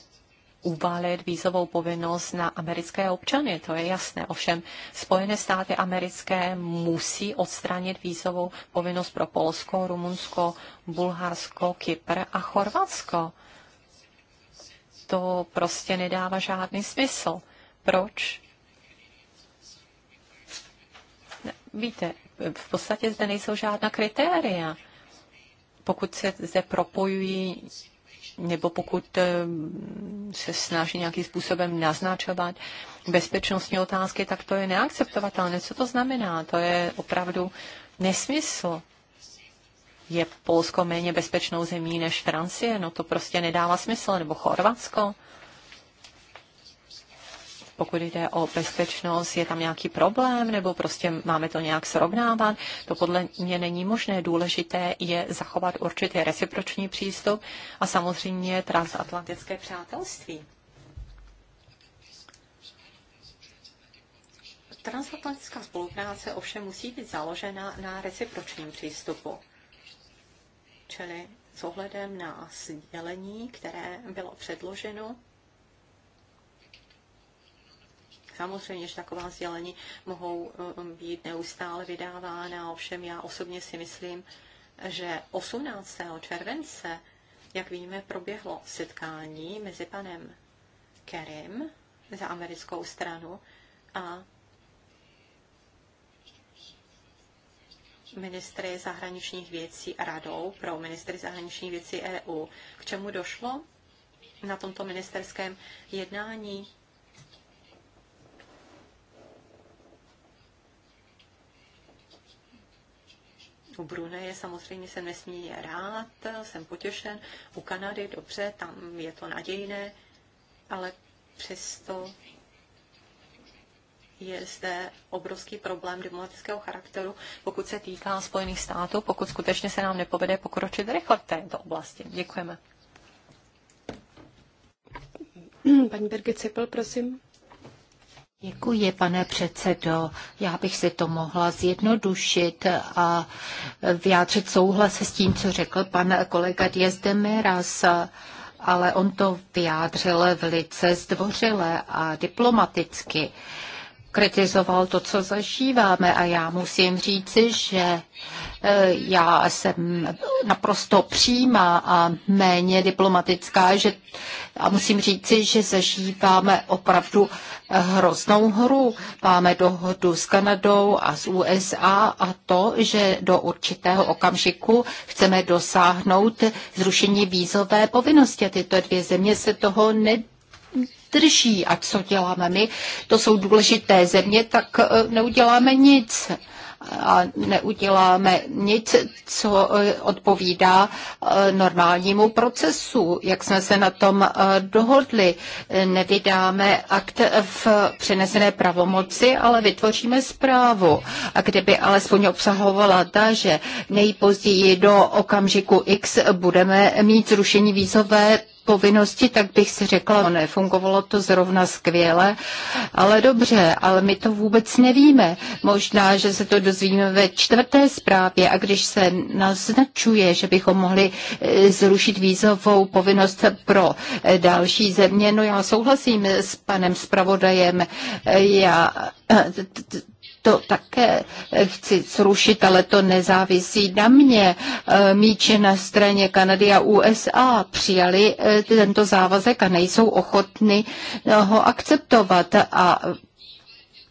uvalit vízovou povinnost na americké občany, to je jasné. Ovšem Spojené státy americké musí odstranit vízovou povinnost pro Polsko, Rumunsko, Bulharsko, Kypr a Chorvatsko. To prostě nedává žádný smysl. Proč? Víte, v podstatě zde nejsou žádná kritéria. Pokud se zde propojují nebo pokud eh, se snaží nějakým způsobem naznačovat bezpečnostní otázky, tak to je neakceptovatelné. Co to znamená? To je opravdu nesmysl. Je Polsko méně bezpečnou zemí než Francie? No to prostě nedává smysl. Nebo Chorvatsko? pokud jde o bezpečnost, je tam nějaký problém, nebo prostě máme to nějak srovnávat. To podle mě není možné. Důležité je zachovat určitý reciproční přístup a samozřejmě transatlantické přátelství. Transatlantická spolupráce ovšem musí být založena na recipročním přístupu. Čili s ohledem na sdělení, které bylo předloženo, Samozřejmě, že taková sdělení mohou um, být neustále vydávána, ovšem já osobně si myslím, že 18. července, jak víme, proběhlo setkání mezi panem Kerim za americkou stranu a ministry zahraničních věcí a radou pro ministry zahraničních věcí EU. K čemu došlo na tomto ministerském jednání? U Bruneje samozřejmě jsem nesmí rád, jsem potěšen. U Kanady dobře, tam je to nadějné, ale přesto je zde obrovský problém diplomatického charakteru, pokud se týká Spojených států, pokud skutečně se nám nepovede pokročit rychle v této oblasti. Děkujeme. Paní Birgit Cipel, prosím. Děkuji, pane předsedo. Já bych si to mohla zjednodušit a vyjádřit souhlas s tím, co řekl pan kolega Diaz de Meras, ale on to vyjádřil velice zdvořile a diplomaticky. Uh, kritizoval to, co zažíváme a já musím říci, že e, já jsem naprosto přímá a méně diplomatická, že, a musím říci, že zažíváme opravdu hroznou hru. Máme dohodu s Kanadou a s USA a to, že do určitého okamžiku chceme dosáhnout zrušení vízové povinnosti. A tyto dvě země se toho nedělají zdrží. A co děláme my? To jsou důležité země, tak eh, neuděláme nic a neuděláme nic, co eh, odpovídá eh, normálnímu procesu, jak jsme se na tom dohodli. Nevydáme akt v přenesené pravomoci, ale vytvoříme zprávu. A kdyby alespoň obsahovala ta, že nejpozději do okamžiku X budeme mít zrušení vízové povinnosti, tak bych si řekla, no ne, fungovalo to zrovna skvěle, ale dobře, ale my to vůbec nevíme. Možná, že se to dozvíme ve čtvrté zprávě a když se naznačuje, že bychom mohli eh, zrušit vízovou povinnost pro eh, další země, no já souhlasím s panem zpravodajem, eh, já to také chci zrušit, ale to nezávisí na mě. E, míče na straně Kanady a USA přijali e, tento závazek a nejsou ochotny ho akceptovat a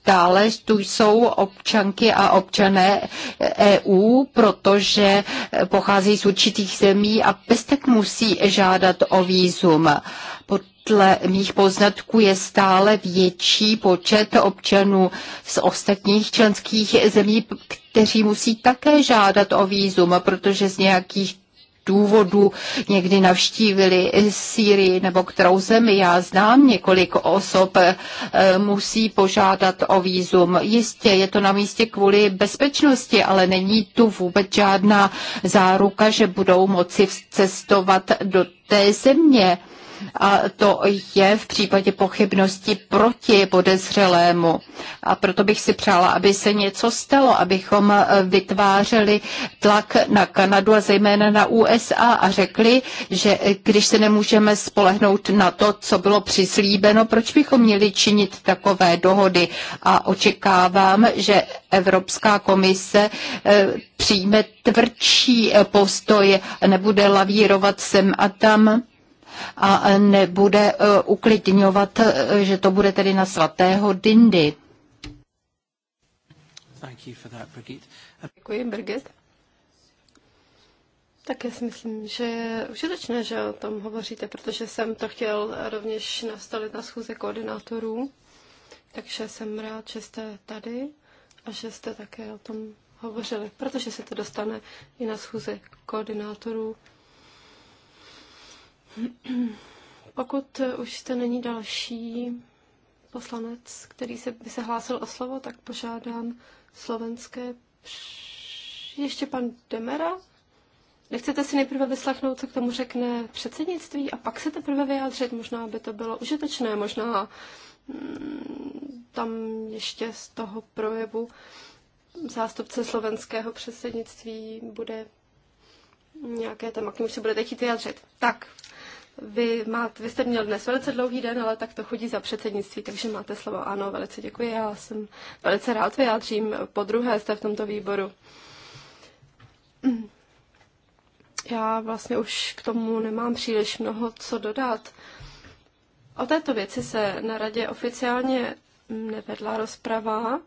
Dále tu jsou občanky a občané EU, protože pochází z určitých zemí a bez tak musí žádat o výzum. Podle mých poznatků je stále větší počet občanů z ostatních členských zemí, kteří musí také žádat o výzum, protože z nějakých důvodů někdy navštívili Sýrii nebo kterou zemi. Já znám několik osob, eh, musí požádat o výzum. Jistě je to na místě kvůli bezpečnosti, ale není tu vůbec žádná záruka, že budou moci cestovat do té země a to je v případě pochybnosti proti podezřelému. A proto bych si přála, aby se něco stalo, abychom eh, vytvářeli tlak na Kanadu a zejména na USA a řekli, že eh, když se nemůžeme spolehnout na to, co bylo přislíbeno, proč bychom měli činit takové dohody a očekávám, že Evropská komise eh, přijme tvrdší postoj, nebude lavírovat sem a tam a nebude eh, uklidňovat, eh, že to bude tedy na svatého Dindy. That, Děkuji, Birgit. já si myslím, že je užitečné, že o tom hovoříte, protože jsem to chtěl rovněž nastavit na schůze koordinátorů. Takže jsem rád, že jste tady a že jste také o tom hovořili, protože se to dostane i na schůze koordinátorů pokud už jste není další poslanec, který se, by se hlásil o slovo, tak požádám slovenské... Ještě pan Demera? Nechcete si nejprve vyslechnout, co k tomu řekne předsednictví a pak se teprve vyjádřit? Možná by to bylo užitečné, možná mm, tam ještě z toho projevu zástupce slovenského předsednictví bude nějaké téma, k němu se budete chtít vyjádřit. Tak, vy, máte, vy jste měl dnes velice dlouhý den, ale tak to chodí za předsednictví, takže máte slovo. Ano, velice děkuji. Já jsem velice rád vyjádřím. Po druhé jste v tomto výboru. Já vlastně už k tomu nemám příliš mnoho co dodat. O této věci se na radě oficiálně nevedla rozprava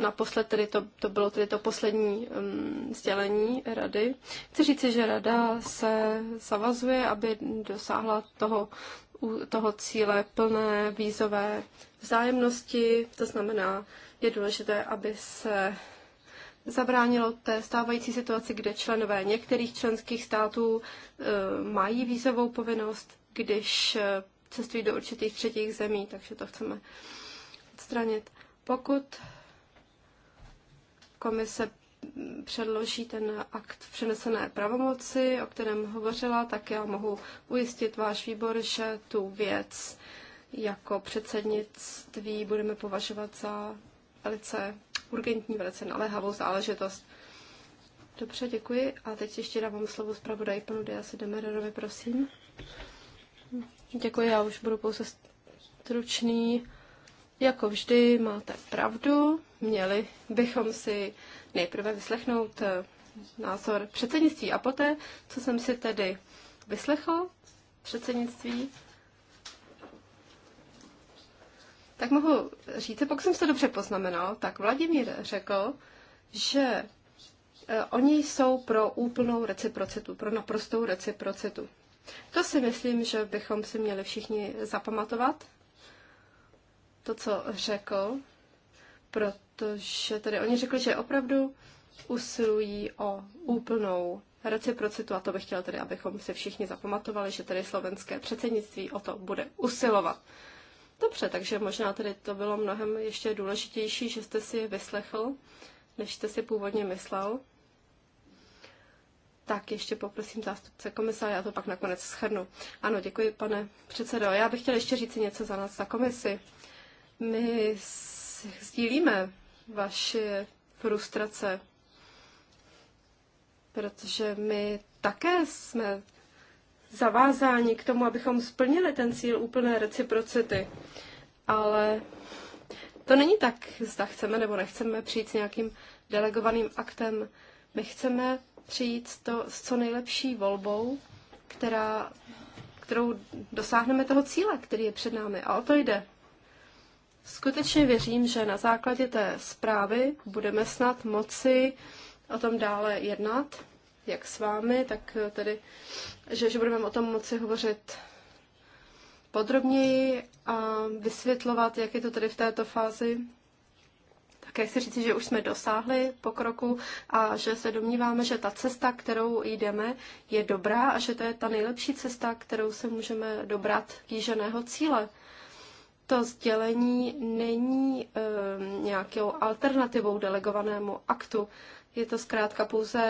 naposled tedy to, to bylo tedy to poslední um, sdělení rady. Chci říci, že rada se zavazuje, aby dosáhla toho, toho cíle plné vízové vzájemnosti. To znamená, je důležité, aby se zabránilo té stávající situaci, kde členové některých členských států e, mají vízovou povinnost, když uh, cestují do určitých třetích zemí, takže to chceme odstranit. Pokud komise předloží ten akt v přenesené pravomoci, o kterém hovořila, tak já mohu ujistit váš výbor, že tu věc jako předsednictví budeme považovat za velice urgentní, velice naléhavou záležitost. Dobře, děkuji. A teď ještě dávám slovo zpravodaji panu Diasi Demererovi, prosím. Děkuji, já už budu pouze stručný. Jako vždy máte pravdu, měli bychom si nejprve vyslechnout eh, názor předsednictví a poté, co jsem si tedy vyslechl předsednictví, tak mohu říct, pokud jsem se dobře poznamenal, tak Vladimír řekl, že eh, oni jsou pro úplnou reciprocitu, pro naprostou reciprocitu. To si myslím, že bychom si měli všichni zapamatovat to, co řekl, protože tady oni řekli, že opravdu usilují o úplnou reciprocitu a to bych chtěl tedy, abychom si všichni zapamatovali, že tedy slovenské předsednictví o to bude usilovat. Dobře, takže možná tedy to bylo mnohem ještě důležitější, že jste si je vyslechl, než jste si původně myslel. Tak ještě poprosím zástupce komise a já to pak nakonec shrnu. Ano, děkuji, pane předsedo. Já bych chtěl ještě říct něco za nás za komisi. My sdílíme vaše frustrace, protože my také jsme zavázáni k tomu, abychom splnili ten cíl úplné reciprocity. Ale to není tak, zda chceme nebo nechceme přijít s nějakým delegovaným aktem. My chceme přijít to s co nejlepší volbou, která, kterou dosáhneme toho cíle, který je před námi. A o to jde. Skutečně věřím, že na základě té zprávy budeme snad moci o tom dále jednat, jak s vámi, tak tedy, že, že budeme o tom moci hovořit podrobněji a vysvětlovat, jak je to tedy v této fázi. Také chci říct, že už jsme dosáhli pokroku a že se domníváme, že ta cesta, kterou jdeme, je dobrá a že to je ta nejlepší cesta, kterou se můžeme dobrat kýženého cíle to sdělení není um, nějakou alternativou delegovanému aktu. Je to zkrátka pouze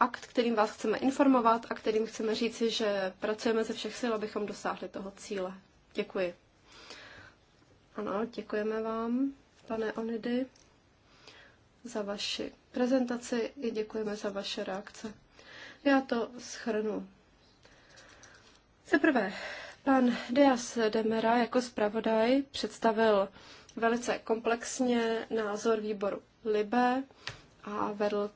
akt, kterým vás chceme informovat a kterým chceme říci, že pracujeme ze všech sil, abychom dosáhli toho cíle. Děkuji. Ano, děkujeme vám, pane Onidy, za vaši prezentaci i děkujeme za vaše reakce. Já to schrnu. Za prvé, Pan Dias Demera jako zpravodaj představil velice komplexně názor výboru Libe a vedl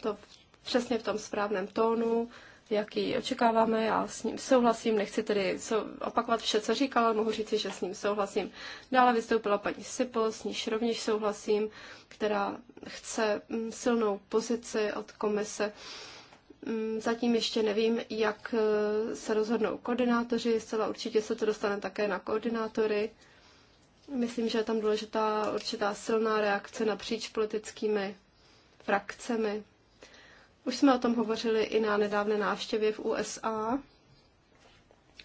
to přesně v tom správném tónu, jaký očekáváme. Já s ním souhlasím, nechci tedy opakovat vše, co říkal, ale mohu říci, že s ním souhlasím. Dále vystoupila paní Sipl, s níž rovněž souhlasím, která chce mm, silnou pozici od komise. Mm, zatím ještě nevím, jak eh, se rozhodnou koordinátoři, zcela určitě se to dostane také na koordinátory. Myslím, že je tam důležitá určitá silná reakce napříč politickými frakcemi. Už jsme o tom hovořili i na nedávné návštěvě v USA.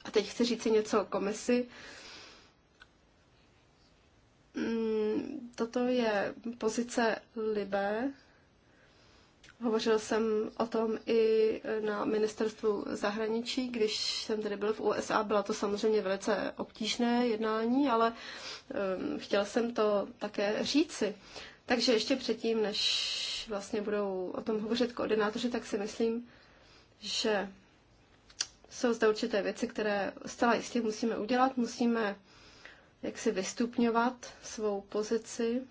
A teď chci říct si něco o komisi. Mm, toto je pozice Libé, Hovořil jsem o tom i e, na ministerstvu zahraničí, když jsem tady byl v USA. Byla to samozřejmě velice obtížné jednání, ale chtěl jsem to také říci. Takže ještě předtím, než vlastně budou o tom hovořit koordinátoři, tak si myslím, že jsou zde určité věci, které zcela jistě musíme udělat. Musíme jak vystupňovat svou pozici.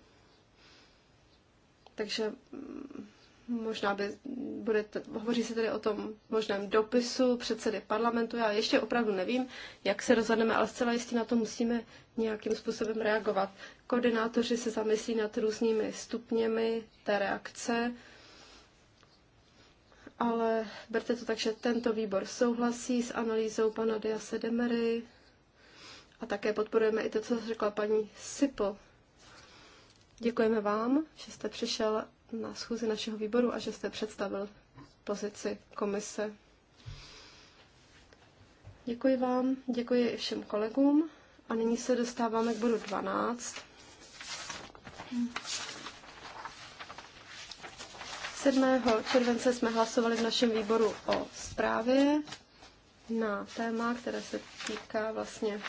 Takže mm, Možná by bude, hovoří se tedy o tom možném dopisu předsedy parlamentu. Já ještě opravdu nevím, jak se rozhodneme, ale zcela jistě na to musíme nějakým způsobem reagovat. Koordinátoři se zamyslí nad různými stupněmi té reakce, ale berte to tak, že tento výbor souhlasí s analýzou pana Diase Demery a také podporujeme i to, co řekla paní Sipo. Děkujeme vám, že jste přišel na schůzi našeho výboru a že jste představil pozici komise. Děkuji vám, děkuji i všem kolegům a nyní se dostáváme k bodu 12. Sedmého 7. července jsme hlasovali v našem výboru o zprávě na téma, které se týká vlastně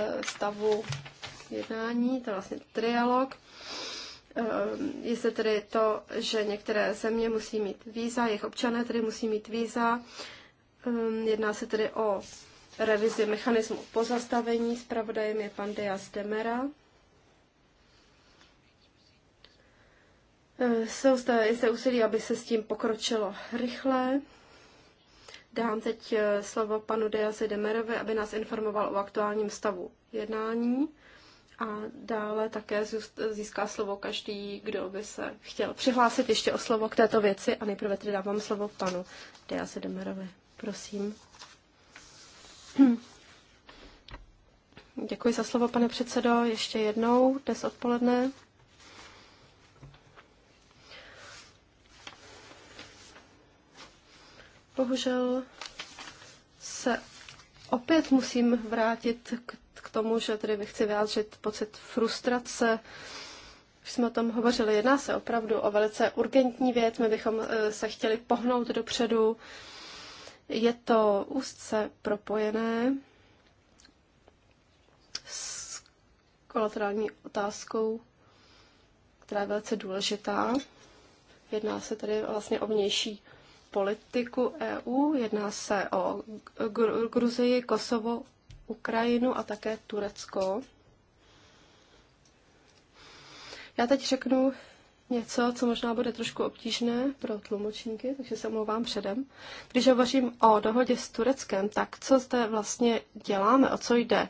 eh, stavu jednání, to je vlastně trialog. Eh, jestli tedy to, že některé země musí mít víza, jejich občané tedy musí mít víza. Eh, jedná se tedy o revizi mechanismu pozastavení. Spravodajem je pan Dias Demera. Eh, jsou zde, je úsilí, aby se s tím pokročilo rychle. Dám teď slovo panu Diasi Demerovi, aby nás informoval o aktuálním stavu jednání. A dále také získá slovo každý, kdo by se chtěl přihlásit ještě o slovo k této věci. A nejprve tedy dávám slovo panu Dease Demerovi. Prosím. Děkuji za slovo, pane předsedo, ještě jednou dnes odpoledne. Bohužel se opět musím vrátit k k tomu, že tedy chci vyjádřit pocit frustrace. Už jsme o tom hovořili, jedná se opravdu o velice urgentní věc, my bychom eh, se chtěli pohnout dopředu. Je to úzce propojené s kolaterální otázkou, která je velice důležitá. Jedná se tedy vlastně o vnější politiku EU, jedná se o Gruzii, Kosovo, Ukrajinu a také Turecko. Já teď řeknu něco, co možná bude trošku obtížné pro tlumočníky, takže se omlouvám předem. Když hovořím o dohodě s Tureckem, tak co zde vlastně děláme, o co jde?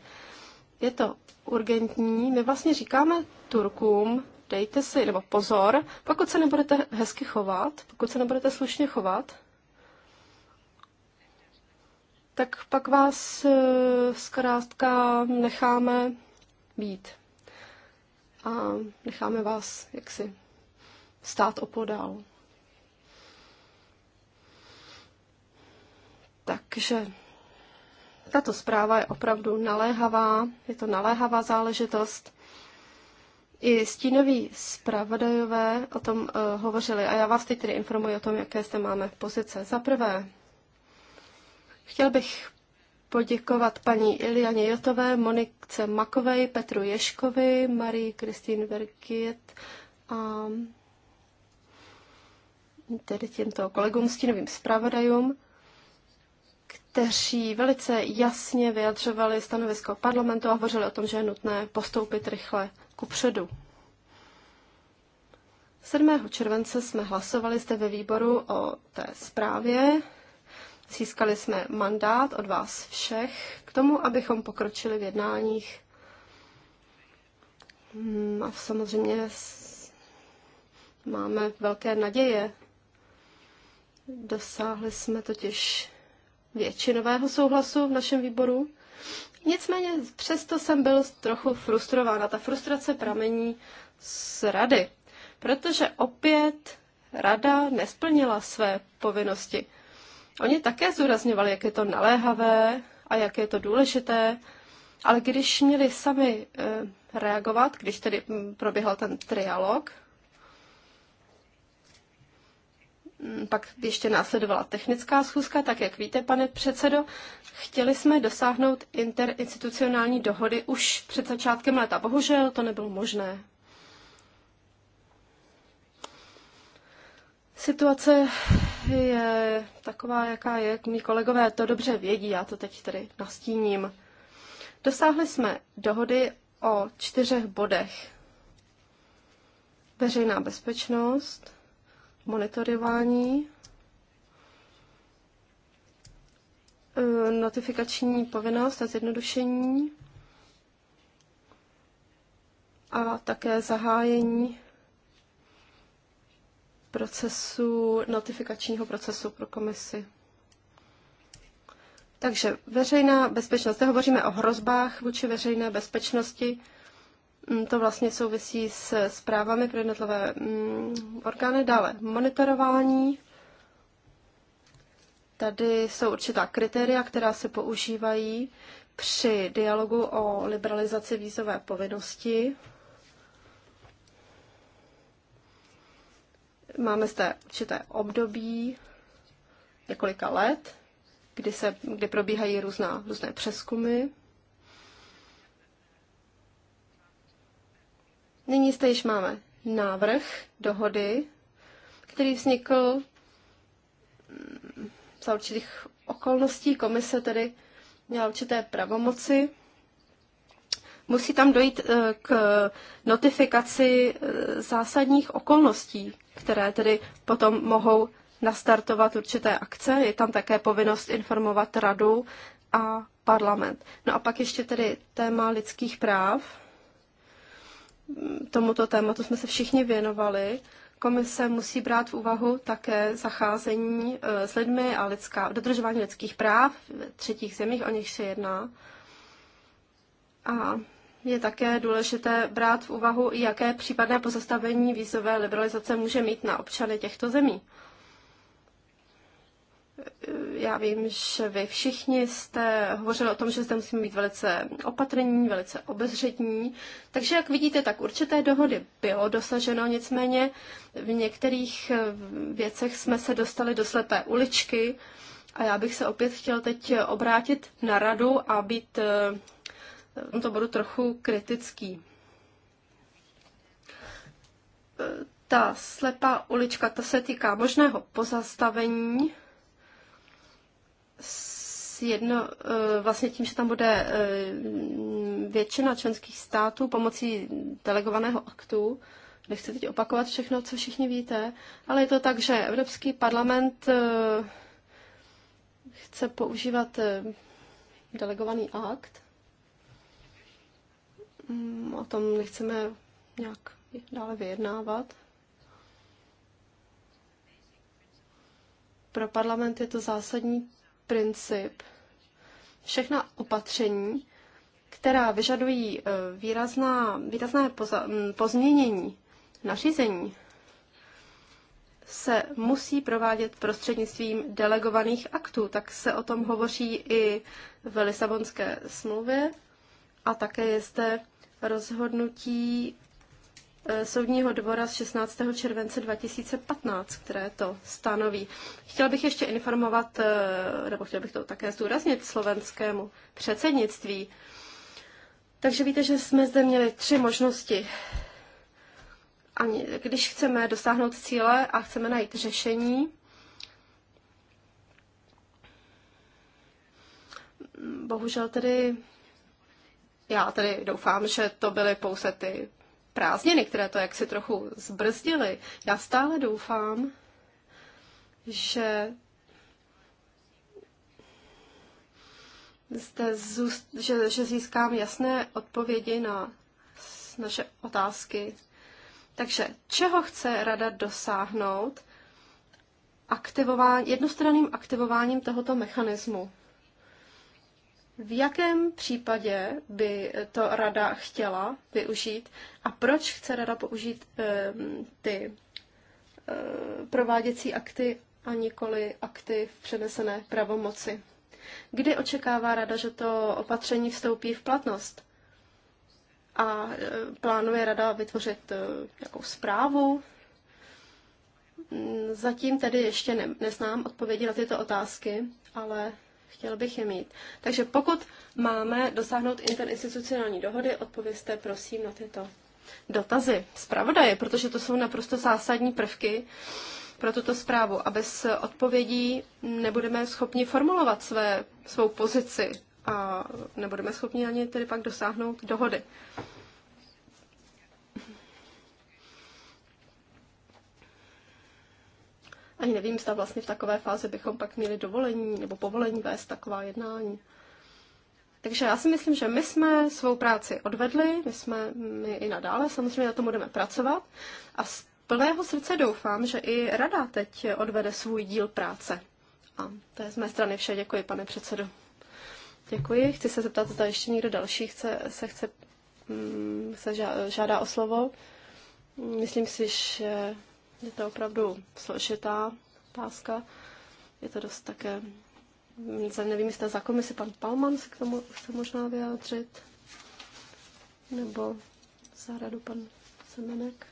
Je to urgentní. My vlastně říkáme Turkům, dejte si, nebo pozor, pokud se nebudete hezky chovat, pokud se nebudete slušně chovat, tak pak vás e, zkrátka necháme být. A necháme vás jaksi stát opodál. Takže tato zpráva je opravdu naléhavá, je to naléhavá záležitost. I stínoví zpravodajové o tom uh, hovořili a já vás teď tedy informuji o tom, jaké zde máme pozice. Za prvé, Chtěl bych poděkovat paní Ilianě Jotové, Monice Makovej, Petru Ješkovi, Marii Kristýn Verkiet a tedy těmto kolegům, stínovým zpravodajům, kteří velice jasně vyjadřovali stanovisko parlamentu a hovořili o tom, že je nutné postoupit rychle ku předu. 7. července jsme hlasovali zde ve výboru o té zprávě, Získali jsme mandát od vás všech k tomu, abychom pokročili v jednáních. Hmm, a samozřejmě máme velké naděje. Dosáhli jsme totiž většinového souhlasu v našem výboru. Nicméně přesto jsem byl trochu frustrována. Ta frustrace pramení z rady, protože opět rada nesplnila své povinnosti. Oni také zúrazňovali, jak je to naléhavé a jak je to důležité, ale když měli sami eh, reagovat, když tedy hm, proběhl ten trialog, hm, pak ještě následovala technická schůzka, tak jak víte, pane předsedo, chtěli jsme dosáhnout interinstitucionální dohody už před začátkem leta. Bohužel to nebylo možné. Situace je taková, jaká je. Mí kolegové to dobře vědí, já to teď tady nastíním. Dosáhli jsme dohody o čtyřech bodech. Veřejná bezpečnost, monitorování, e, notifikační povinnost a zjednodušení a také zahájení procesu, notifikačního procesu pro komisi. Takže veřejná bezpečnost. Zde hovoříme o hrozbách vůči veřejné bezpečnosti. Mm, to vlastně souvisí s zprávami pro jednotlivé mm, orgány. Dále monitorování. Tady jsou určitá kritéria, která se používají při dialogu o liberalizaci vízové povinnosti. Máme zde určité období několika let, kdy, se, kdy probíhají různá, různé přeskumy. Nyní zde již máme návrh dohody, který vznikl mm, za určitých okolností. Komise tedy měla určité pravomoci. Musí tam dojít eh, k notifikaci eh, zásadních okolností, které tedy potom mohou nastartovat určité akce. Je tam také povinnost informovat radu a parlament. No a pak ještě tedy téma lidských práv. Tomuto tématu jsme se všichni věnovali. Komise musí brát v úvahu také zacházení e, s lidmi a lidská, dodržování lidských práv v třetích zemích, o nich se jedná. A je také důležité brát v úvahu, jaké případné pozastavení vízové liberalizace může mít na občany těchto zemí. Já vím, že vy všichni jste hovořili o tom, že zde musíme být velice opatrní, velice obezřetní. Takže, jak vidíte, tak určité dohody bylo dosaženo, nicméně v některých věcech jsme se dostali do slepé uličky a já bych se opět chtěl teď obrátit na radu a být eh, to budu trochu kritický. Ta slepá ulička, ta se týká možného pozastavení s jedno, eh, vlastně tím, že tam bude eh, většina členských států pomocí delegovaného aktu, nechci teď opakovat všechno, co všichni víte, ale je to tak, že Evropský parlament eh, chce používat delegovaný akt Mm, o tom nechceme nějak dále vyjednávat. Pro parlament je to zásadní princip. Všechna opatření, která vyžadují eh, výrazná, výrazné poza, mm, pozměnění nařízení, se musí provádět prostřednictvím delegovaných aktů. Tak se o tom hovoří i v Lisabonské smlouvě a také je zde rozhodnutí eh, Soudního dvora z 16. července 2015, které to stanoví. Chtěla bych ještě informovat, eh, nebo chtěla bych to také zdůraznit slovenskému předsednictví. Takže víte, že jsme zde měli tři možnosti. Ani, když chceme dosáhnout cíle a chceme najít řešení, bohužel tedy já tedy doufám, že to byly pouze ty prázdniny, které to jaksi trochu zbrzdily. Já stále doufám, že zde zůst, že, že získám jasné odpovědi na naše otázky. Takže čeho chce rada dosáhnout aktivování, jednostranným aktivováním tohoto mechanismu? v jakém případě by to rada chtěla využít a proč chce rada použít eh, ty eh, prováděcí akty a nikoli akty v přenesené pravomoci. Kdy očekává rada, že to opatření vstoupí v platnost? A eh, plánuje rada vytvořit eh, nějakou zprávu? Hm, zatím tedy ještě ne, neznám odpovědi na tyto otázky, ale chtěl bych je mít. Takže pokud máme dosáhnout interinstitucionální dohody, odpověste prosím na tyto dotazy zpravodaje, protože to jsou naprosto zásadní prvky pro tuto zprávu. A bez odpovědí nebudeme schopni formulovat své, svou pozici a nebudeme schopni ani tedy pak dosáhnout dohody. Ani nevím, zda vlastně v takové fázi bychom pak měli dovolení nebo povolení vést taková jednání. Takže já si myslím, že my jsme svou práci odvedli, my jsme my i nadále, samozřejmě na tom budeme pracovat a z plného srdce doufám, že i rada teď odvede svůj díl práce. A to je z mé strany vše. Děkuji, pane předsedo. Děkuji. Chci se zeptat, zda ještě někdo další chce, se chce mm, se žádá o slovo. Myslím si, že je to opravdu složitá otázka. Je to dost také... Nevím, jestli za komisi pan Palman se k tomu chce možná vyjádřit. Nebo za radu pan Semenek.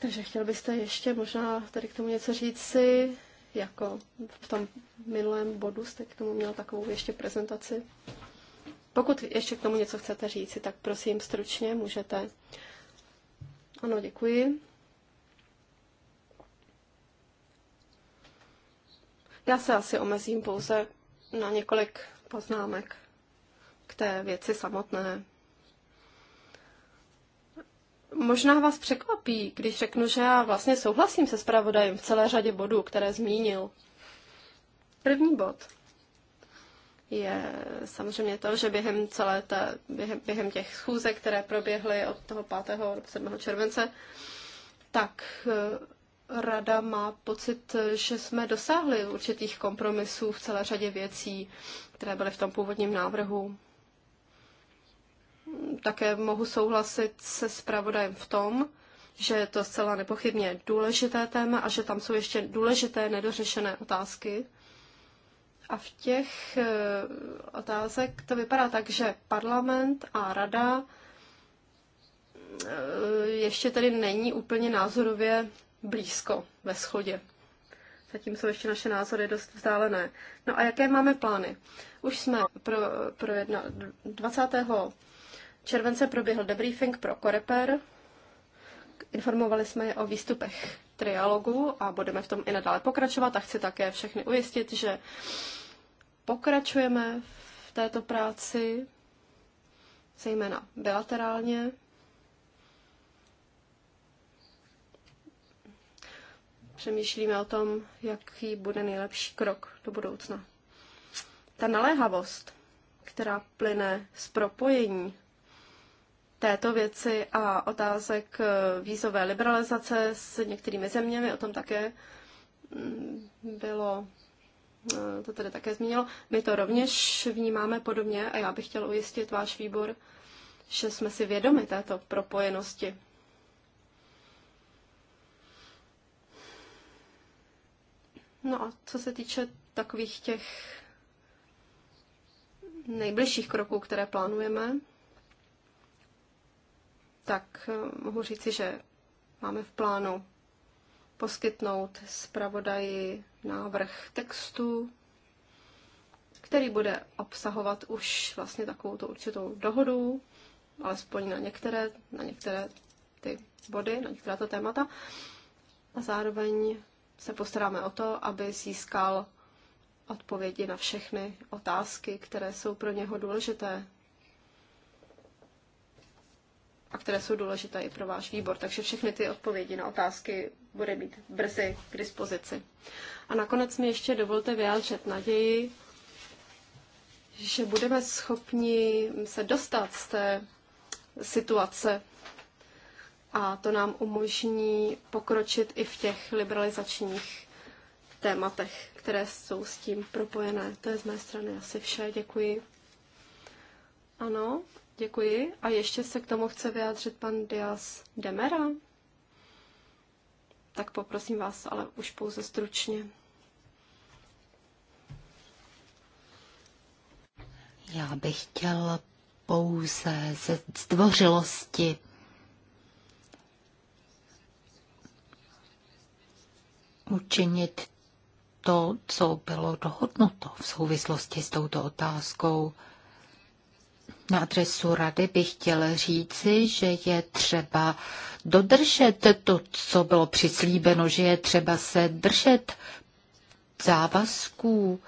Takže chtěl byste ještě možná tady k tomu něco říct si, jako v tom minulém bodu jste k tomu měl takovou ještě prezentaci. Pokud ještě k tomu něco chcete říct, tak prosím stručně můžete. Ano, děkuji. Já se asi omezím pouze na několik poznámek k té věci samotné. Možná vás překvapí, když řeknu, že já vlastně souhlasím se zpravodajem v celé řadě bodů, které zmínil. První bod je samozřejmě to, že během celé ta během, během těch schůzek, které proběhly od toho 5. do 7. července, tak eh, rada má pocit, že jsme dosáhli určitých kompromisů v celé řadě věcí, které byly v tom původním návrhu. Také mohu souhlasit se zpravodajem v tom, že je to zcela nepochybně důležité téma a že tam jsou ještě důležité nedořešené otázky. A v těch eh, otázek to vypadá tak, že parlament a rada eh, ještě tedy není úplně názorově blízko ve schodě. Zatím jsou ještě naše názory dost vzdálené. No a jaké máme plány? Už jsme pro, pro jedna, 20. července proběhl debriefing pro Koreper, informovali jsme je o výstupech trialogu a budeme v tom i nadále pokračovat a chci také všechny ujistit, že pokračujeme v této práci, zejména bilaterálně. Přemýšlíme o tom, jaký bude nejlepší krok do budoucna. Ta naléhavost, která plyne z propojení této věci a otázek eh, vízové liberalizace s některými zeměmi, o tom také mm, bylo, eh, to tady také zmínilo. My to rovněž vnímáme podobně a já bych chtěla ujistit váš výbor, že jsme si vědomi této propojenosti. No a co se týče takových těch nejbližších kroků, které plánujeme, tak eh, mohu říci, že máme v plánu poskytnout zpravodaji návrh textu, který bude obsahovat už vlastně takovou tu určitou dohodu, alespoň na některé, na některé ty body, na některá ta témata. A zároveň se postaráme o to, aby získal odpovědi na všechny otázky, které jsou pro něho důležité a které jsou důležité i pro váš výbor. Takže všechny ty odpovědi na otázky bude mít brzy k dispozici. A nakonec mi ještě dovolte vyjádřit naději, že budeme schopni se dostat z té situace a to nám umožní pokročit i v těch liberalizačních tématech, které jsou s tím propojené. To je z mé strany asi vše. Děkuji. Ano, Děkuji. A ještě se k tomu chce vyjádřit pan Dias Demera. Tak poprosím vás, ale už pouze stručně. Já bych chtěl pouze ze zdvořilosti učinit to, co bylo dohodnuto v souvislosti s touto otázkou. Na adresu rady bych chtěl říci, že je třeba dodržet to, co bylo přislíbeno, že je třeba se držet závazků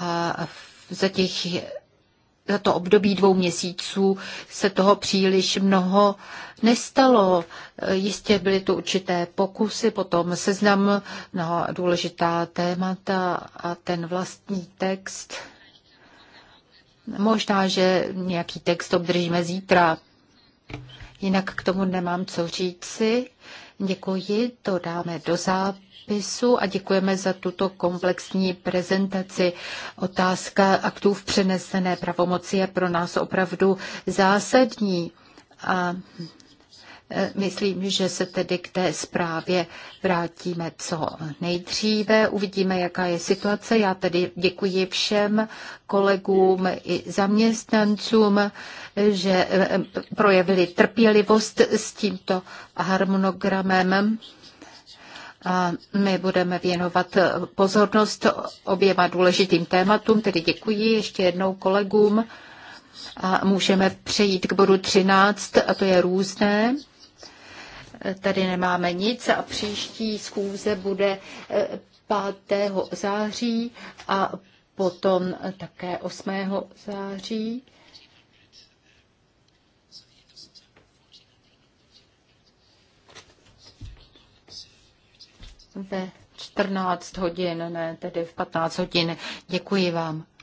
a za těch za to období dvou měsíců se toho příliš mnoho nestalo. Jistě byly tu určité pokusy, potom seznam na no, důležitá témata a ten vlastní text Možná, že nějaký text obdržíme zítra. Jinak k tomu nemám co říci. Děkuji, to dáme do zápisu a děkujeme za tuto komplexní prezentaci. Otázka aktů v přenesené pravomoci je pro nás opravdu zásadní. A Eh, myslím, že se tedy k té zprávě vrátíme co nejdříve. Uvidíme, jaká je situace. Já tedy děkuji všem kolegům i zaměstnancům, eh, že eh, projevili trpělivost s tímto harmonogramem. A my budeme věnovat pozornost oběma důležitým tématům, tedy děkuji ještě jednou kolegům. A můžeme přejít k bodu 13, a to je různé tady nemáme nic a příští schůze bude 5. Eh, září a potom také 8. září. ve 14 hodin, ne tedy v 15 hodin. Děkuji vám.